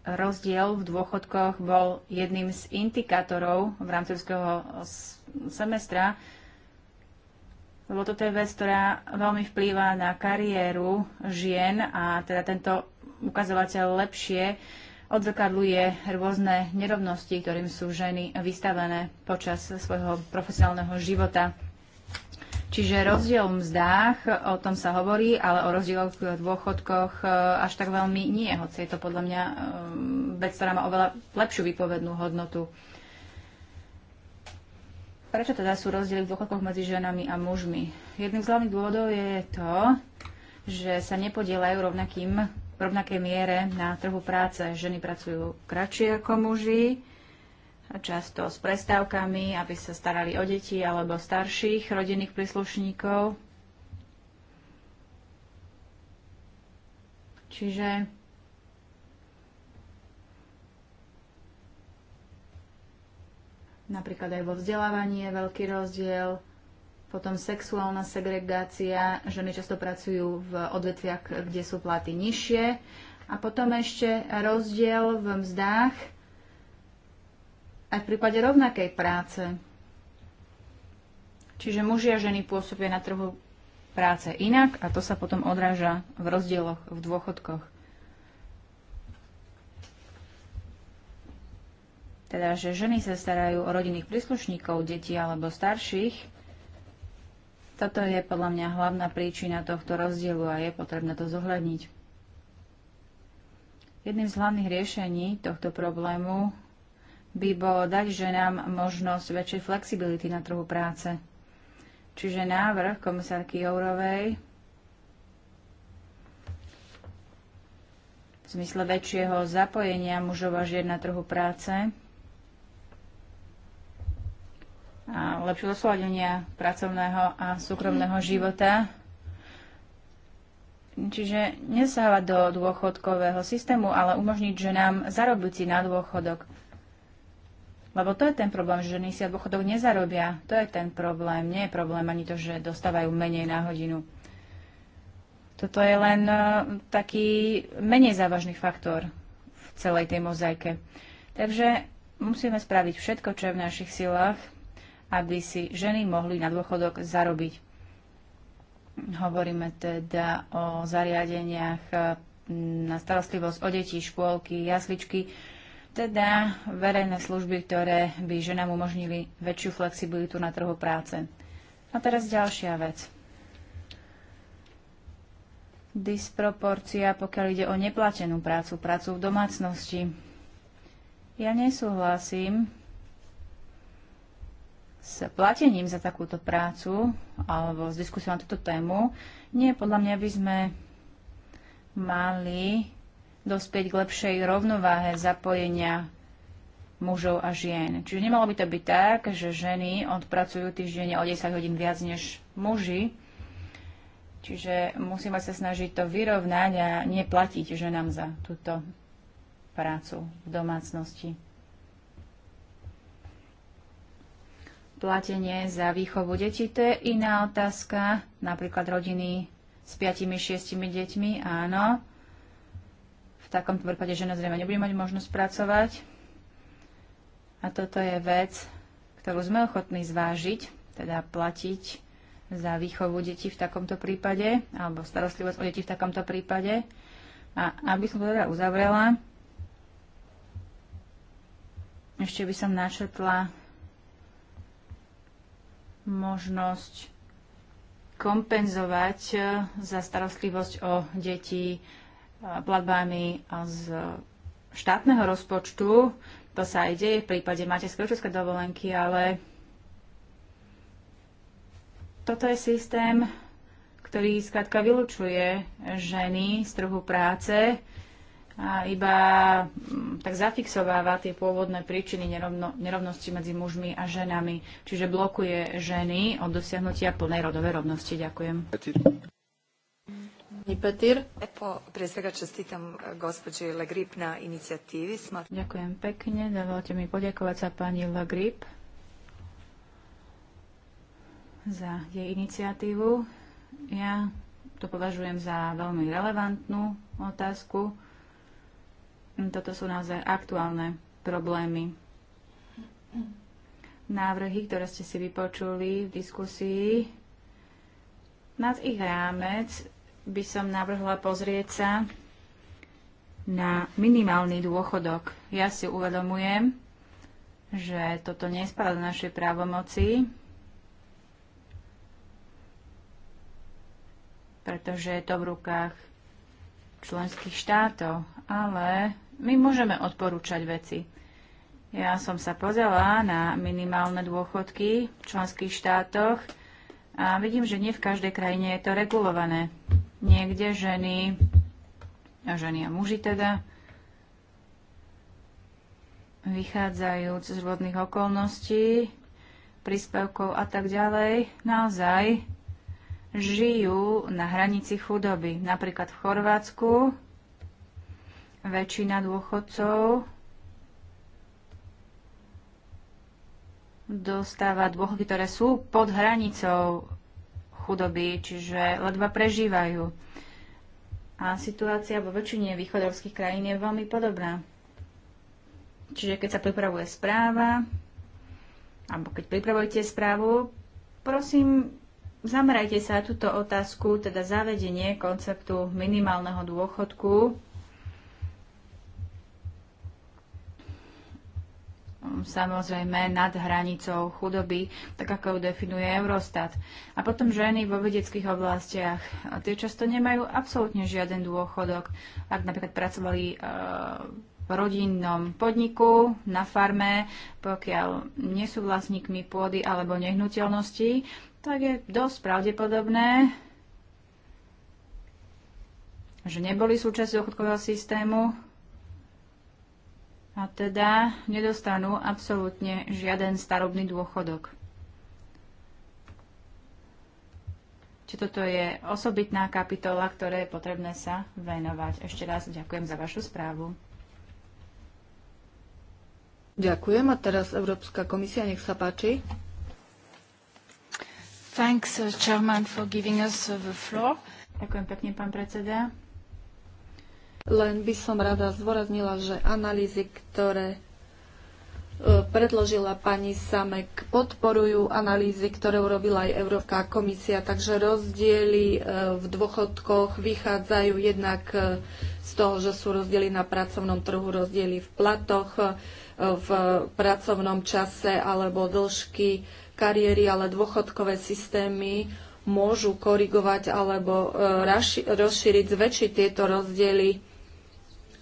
rozdiel v dôchodkoch bol jedným z indikátorov v rámci semestra, lebo toto je vec, ktorá veľmi vplýva na kariéru žien a teda tento ukazovateľ lepšie odzrkadluje rôzne nerovnosti, ktorým sú ženy vystavené počas svojho profesionálneho života. Čiže rozdiel v mzdách, o tom sa hovorí, ale o rozdieloch v dôchodkoch e, až tak veľmi nie, hoci je to podľa mňa e, vec, ktorá má oveľa lepšiu výpovednú hodnotu. Prečo teda sú rozdiely v dôchodkoch medzi ženami a mužmi? Jedným z hlavných dôvodov je to, že sa nepodielajú rovnakým, v rovnakej miere na trhu práce. Ženy pracujú kratšie ako muži, často s prestávkami, aby sa starali o deti alebo starších rodinných príslušníkov. Čiže Napríklad aj vo vzdelávaní je veľký rozdiel, potom sexuálna segregácia, ženy často pracujú v odvetviach, kde sú platy nižšie. A potom ešte rozdiel v mzdách aj v prípade rovnakej práce. Čiže muži a ženy pôsobia na trhu práce inak a to sa potom odráža v rozdieloch v dôchodkoch. teda že ženy sa starajú o rodinných príslušníkov, detí alebo starších, toto je podľa mňa hlavná príčina tohto rozdielu a je potrebné to zohľadniť. Jedným z hlavných riešení tohto problému by bolo dať ženám možnosť väčšej flexibility na trhu práce. Čiže návrh komisárky Jourovej v zmysle väčšieho zapojenia mužov a žien na trhu práce a lepšie zosladenia pracovného a súkromného života. Čiže nesahovať do dôchodkového systému, ale umožniť, že nám si na dôchodok. Lebo to je ten problém, že ženy si dôchodok nezarobia. To je ten problém. Nie je problém ani to, že dostávajú menej na hodinu. Toto je len e, taký menej závažný faktor v celej tej mozaike. Takže musíme spraviť všetko, čo je v našich silách, aby si ženy mohli na dôchodok zarobiť. Hovoríme teda o zariadeniach eh, na starostlivosť o deti, škôlky, jasličky, teda verejné služby, ktoré by ženám umožnili väčšiu flexibilitu na trhu práce. A teraz ďalšia vec. Disproporcia, pokiaľ ide o neplatenú prácu, prácu v domácnosti. Ja nesúhlasím s platením za takúto prácu alebo s diskusiou na túto tému, nie, podľa mňa by sme mali dospieť k lepšej rovnováhe zapojenia mužov a žien. Čiže nemalo by to byť tak, že ženy odpracujú týždenne o 10 hodín viac než muži. Čiže musíme sa snažiť to vyrovnať a neplatiť ženám za túto prácu v domácnosti. platenie za výchovu detí, to je iná otázka, napríklad rodiny s 5-6 deťmi, áno. V takomto prípade žena zrejme nebude mať možnosť pracovať. A toto je vec, ktorú sme ochotní zvážiť, teda platiť za výchovu detí v takomto prípade, alebo starostlivosť o deti v takomto prípade. A aby som to teda uzavrela, ešte by som načetla možnosť kompenzovať eh, za starostlivosť o deti eh, platbami z štátneho rozpočtu. To sa aj deje v prípade materskej rodičovskej dovolenky, ale toto je systém, ktorý skrátka vylučuje ženy z trhu práce, a iba mm, tak zafixováva tie pôvodné príčiny nerovno, nerovnosti medzi mužmi a ženami, čiže blokuje ženy od dosiahnutia plnej rodovej rovnosti. Ďakujem. Petir. Epo, pre svega čestitam eh, gospođi Legrip na inicijativi. Ďakujem pekne. Dovolte mi poďakovať sa pani Legrip za jej iniciatívu. Ja to považujem za veľmi relevantnú otázku toto sú naozaj aktuálne problémy. Návrhy, ktoré ste si vypočuli v diskusii, nad ich rámec by som navrhla pozrieť sa na minimálny dôchodok. Ja si uvedomujem, že toto nespadá do našej právomoci, pretože je to v rukách členských štátov, ale my môžeme odporúčať veci. Ja som sa pozrela na minimálne dôchodky v členských štátoch a vidím, že nie v každej krajine je to regulované. Niekde ženy, a ženy a muži teda, vychádzajúc z rôznych okolností, príspevkov a tak ďalej, naozaj žijú na hranici chudoby. Napríklad v Chorvátsku väčšina dôchodcov dostáva dôchodky, ktoré sú pod hranicou chudoby, čiže ledva prežívajú. A situácia vo väčšine východovských krajín je veľmi podobná. Čiže keď sa pripravuje správa, alebo keď pripravujete správu, prosím, zamerajte sa na túto otázku, teda zavedenie konceptu minimálneho dôchodku samozrejme nad hranicou chudoby, tak ako ju definuje Eurostat. A potom ženy vo vedeckých oblastiach. Tie často nemajú absolútne žiaden dôchodok. Ak napríklad pracovali e, v rodinnom podniku, na farme, pokiaľ nie sú vlastníkmi pôdy alebo nehnuteľnosti, tak je dosť pravdepodobné, že neboli súčasťou dôchodkového systému a teda nedostanú absolútne žiaden starobný dôchodok. Čiže toto je osobitná kapitola, ktoré je potrebné sa venovať. Ešte raz ďakujem za vašu správu. Ďakujem a teraz Európska komisia, nech sa páči. Thanks, uh, Chairman, for giving us uh, the floor. Ďakujem pekne, pán predseda. Len by som rada zdôraznila, že analýzy, ktoré e, predložila pani Samek, podporujú analýzy, ktoré urobila aj Európska komisia. Takže rozdiely e, v dôchodkoch vychádzajú jednak e, z toho, že sú rozdiely na pracovnom trhu, rozdiely v platoch, v pracovnom čase alebo dĺžky kariéry, ale dôchodkové systémy môžu korigovať alebo rozšíriť, zväčšiť tieto rozdiely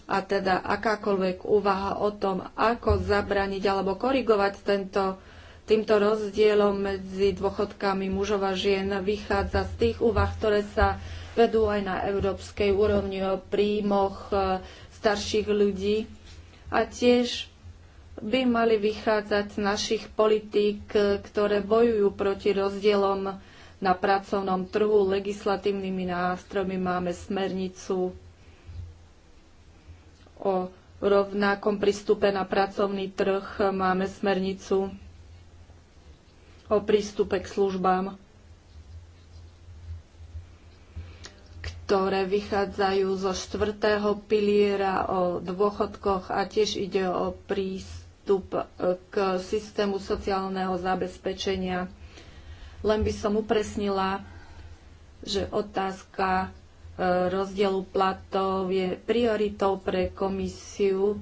a teda akákoľvek úvaha o tom, ako zabraniť alebo korigovať tento, týmto rozdielom medzi dôchodkami mužov a žien vychádza z tých úvah, ktoré sa vedú aj na európskej úrovni o príjmoch e, starších ľudí. A tiež by mali vychádzať z našich politík, e, ktoré bojujú proti rozdielom na pracovnom trhu legislatívnymi nástrojmi. Máme smernicu o rovnakom prístupe na pracovný trh. Máme smernicu o prístupe k službám, ktoré vychádzajú zo štvrtého piliera o dôchodkoch a tiež ide o prístup k systému sociálneho zabezpečenia. Len by som upresnila, že otázka rozdielu platov je prioritou pre komisiu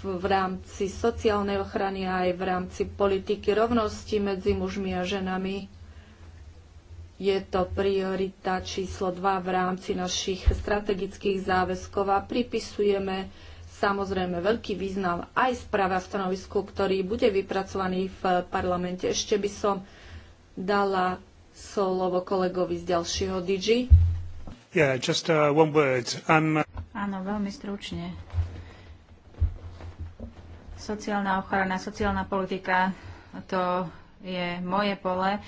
v rámci sociálnej ochrany a aj v rámci politiky rovnosti medzi mužmi a ženami. Je to priorita číslo 2 v rámci našich strategických záväzkov a pripisujeme samozrejme veľký význam aj správa stanovisku, ktorý bude vypracovaný v parlamente. Ešte by som dala slovo kolegovi z ďalšieho DG. Uh, um, Áno, veľmi stručne. Sociálna ochrana, sociálna politika, to je moje pole.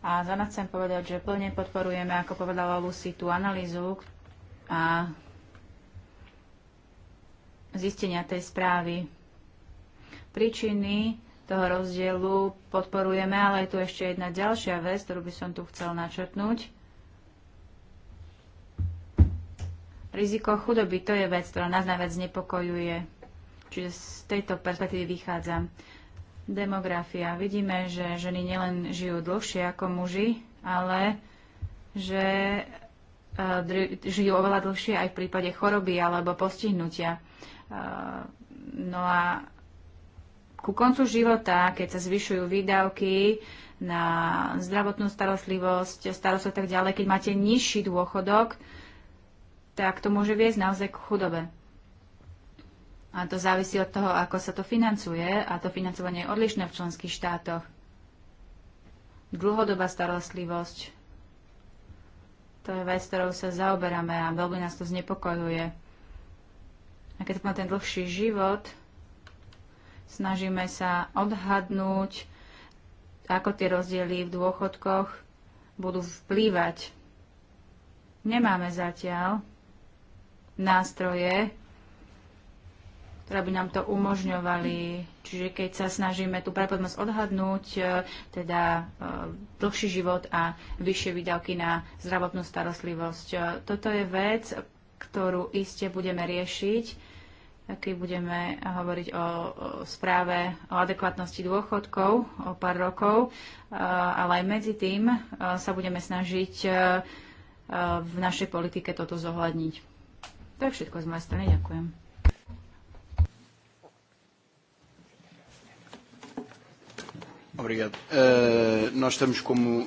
A za nás chcem povedať, že plne podporujeme, ako povedala Lucy, tú analýzu a zistenia tej správy. Príčiny toho rozdielu podporujeme, ale je tu ešte jedna ďalšia vec, ktorú by som tu chcel načrtnúť. Riziko chudoby, to je vec, ktorá nás najviac znepokojuje. Čiže z tejto perspektívy vychádzam. Demografia. Vidíme, že ženy nielen žijú dlhšie ako muži, ale že e, žijú oveľa dlhšie aj v prípade choroby alebo postihnutia. E, no a ku koncu života, keď sa zvyšujú výdavky na zdravotnú starostlivosť, starostlivosť tak ďalej, keď máte nižší dôchodok, tak to môže viesť naozaj k chudobe. A to závisí od toho, ako sa to financuje a to financovanie je odlišné v členských štátoch. Dlhodobá starostlivosť, to je vec, ktorou sa zaoberáme a veľmi nás to znepokojuje. A keď má ten dlhší život, snažíme sa odhadnúť, ako tie rozdiely v dôchodkoch budú vplývať. Nemáme zatiaľ nástroje, ktoré by nám to umožňovali. Čiže keď sa snažíme tú pravdepodobnosť odhadnúť, e, teda e, dlhší život a vyššie výdavky na zdravotnú starostlivosť. E, toto je vec, ktorú iste budeme riešiť, keď budeme hovoriť o, správe o adekvátnosti dôchodkov o pár rokov, ale aj medzi tým sa budeme snažiť v našej politike toto zohľadniť. To je všetko z mojej strany. Ďakujem. Obrigado. Uh, nós estamos como uh,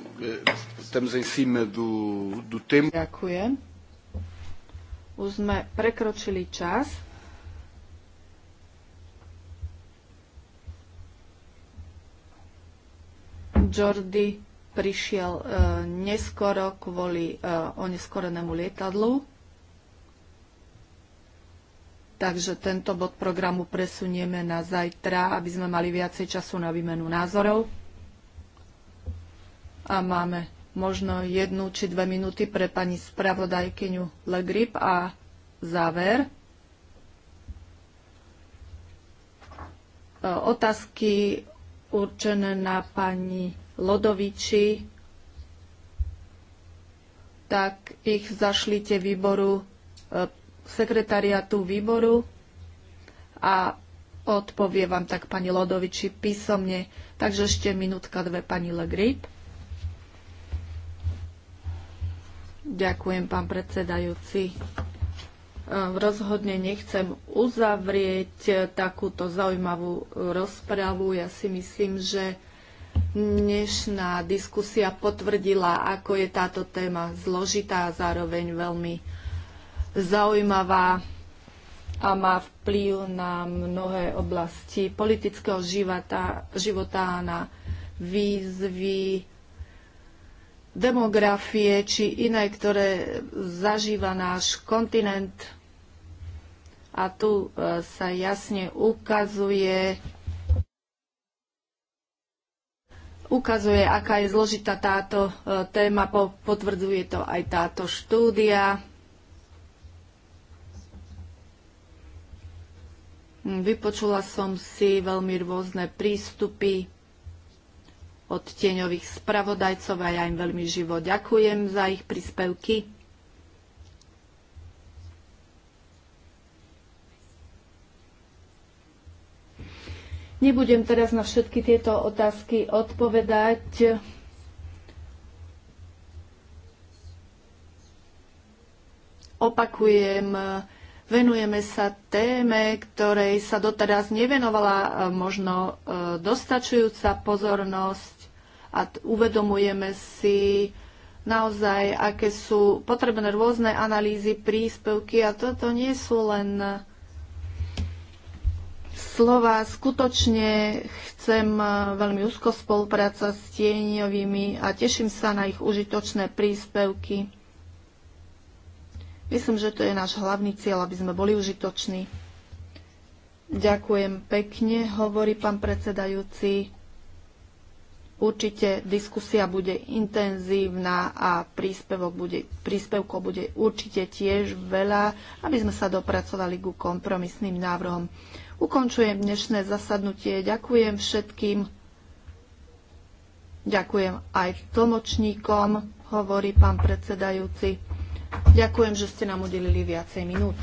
estamos em cima do, do tempo. Ďakujem. Už sme prekročili čas. Jordi prišiel eh, neskoro kvôli oneskorenému lietadlu. Takže tento bod programu presunieme na zajtra, aby sme mali viacej času na výmenu názorov. A máme možno jednu či dve minúty pre pani spravodajkyňu Legrip a záver. E, otázky určené na pani Lodoviči, tak ich zašlite výboru e, sekretariatu výboru a odpovie vám tak pani Lodoviči písomne. Takže ešte minútka dve pani Legrip. Ďakujem, pán predsedajúci. E, rozhodne nechcem uzavrieť takúto zaujímavú rozpravu. Ja si myslím, že dnešná diskusia potvrdila, ako je táto téma zložitá a zároveň veľmi zaujímavá a má vplyv na mnohé oblasti politického života, života na výzvy demografie či iné, ktoré zažíva náš kontinent. A tu e, sa jasne ukazuje, ukazuje, aká je zložitá táto e, téma. Potvrdzuje to aj táto štúdia. Vypočula som si veľmi rôzne prístupy od tieňových spravodajcov a ja im veľmi živo ďakujem za ich príspevky. Nebudem teraz na všetky tieto otázky odpovedať. Opakujem, Venujeme sa téme, ktorej sa doteraz nevenovala e, možno e, dostačujúca pozornosť a uvedomujeme si naozaj, aké sú potrebné rôzne analýzy, príspevky a toto nie sú len slova. Skutočne chcem e, veľmi úzko spolupráca s tieňovými a teším sa na ich užitočné príspevky. Myslím, že to je náš hlavný cieľ, aby sme boli užitoční. Ďakujem pekne, hovorí pán predsedajúci. Určite diskusia bude intenzívna a príspevok bude, príspevkov bude určite tiež veľa, aby sme sa dopracovali ku kompromisným návrhom. Ukončujem dnešné zasadnutie. Ďakujem všetkým. Ďakujem aj Tlmočníkom, hovorí pán predsedajúci. Ďakujem, že ste nám udelili viacej minút.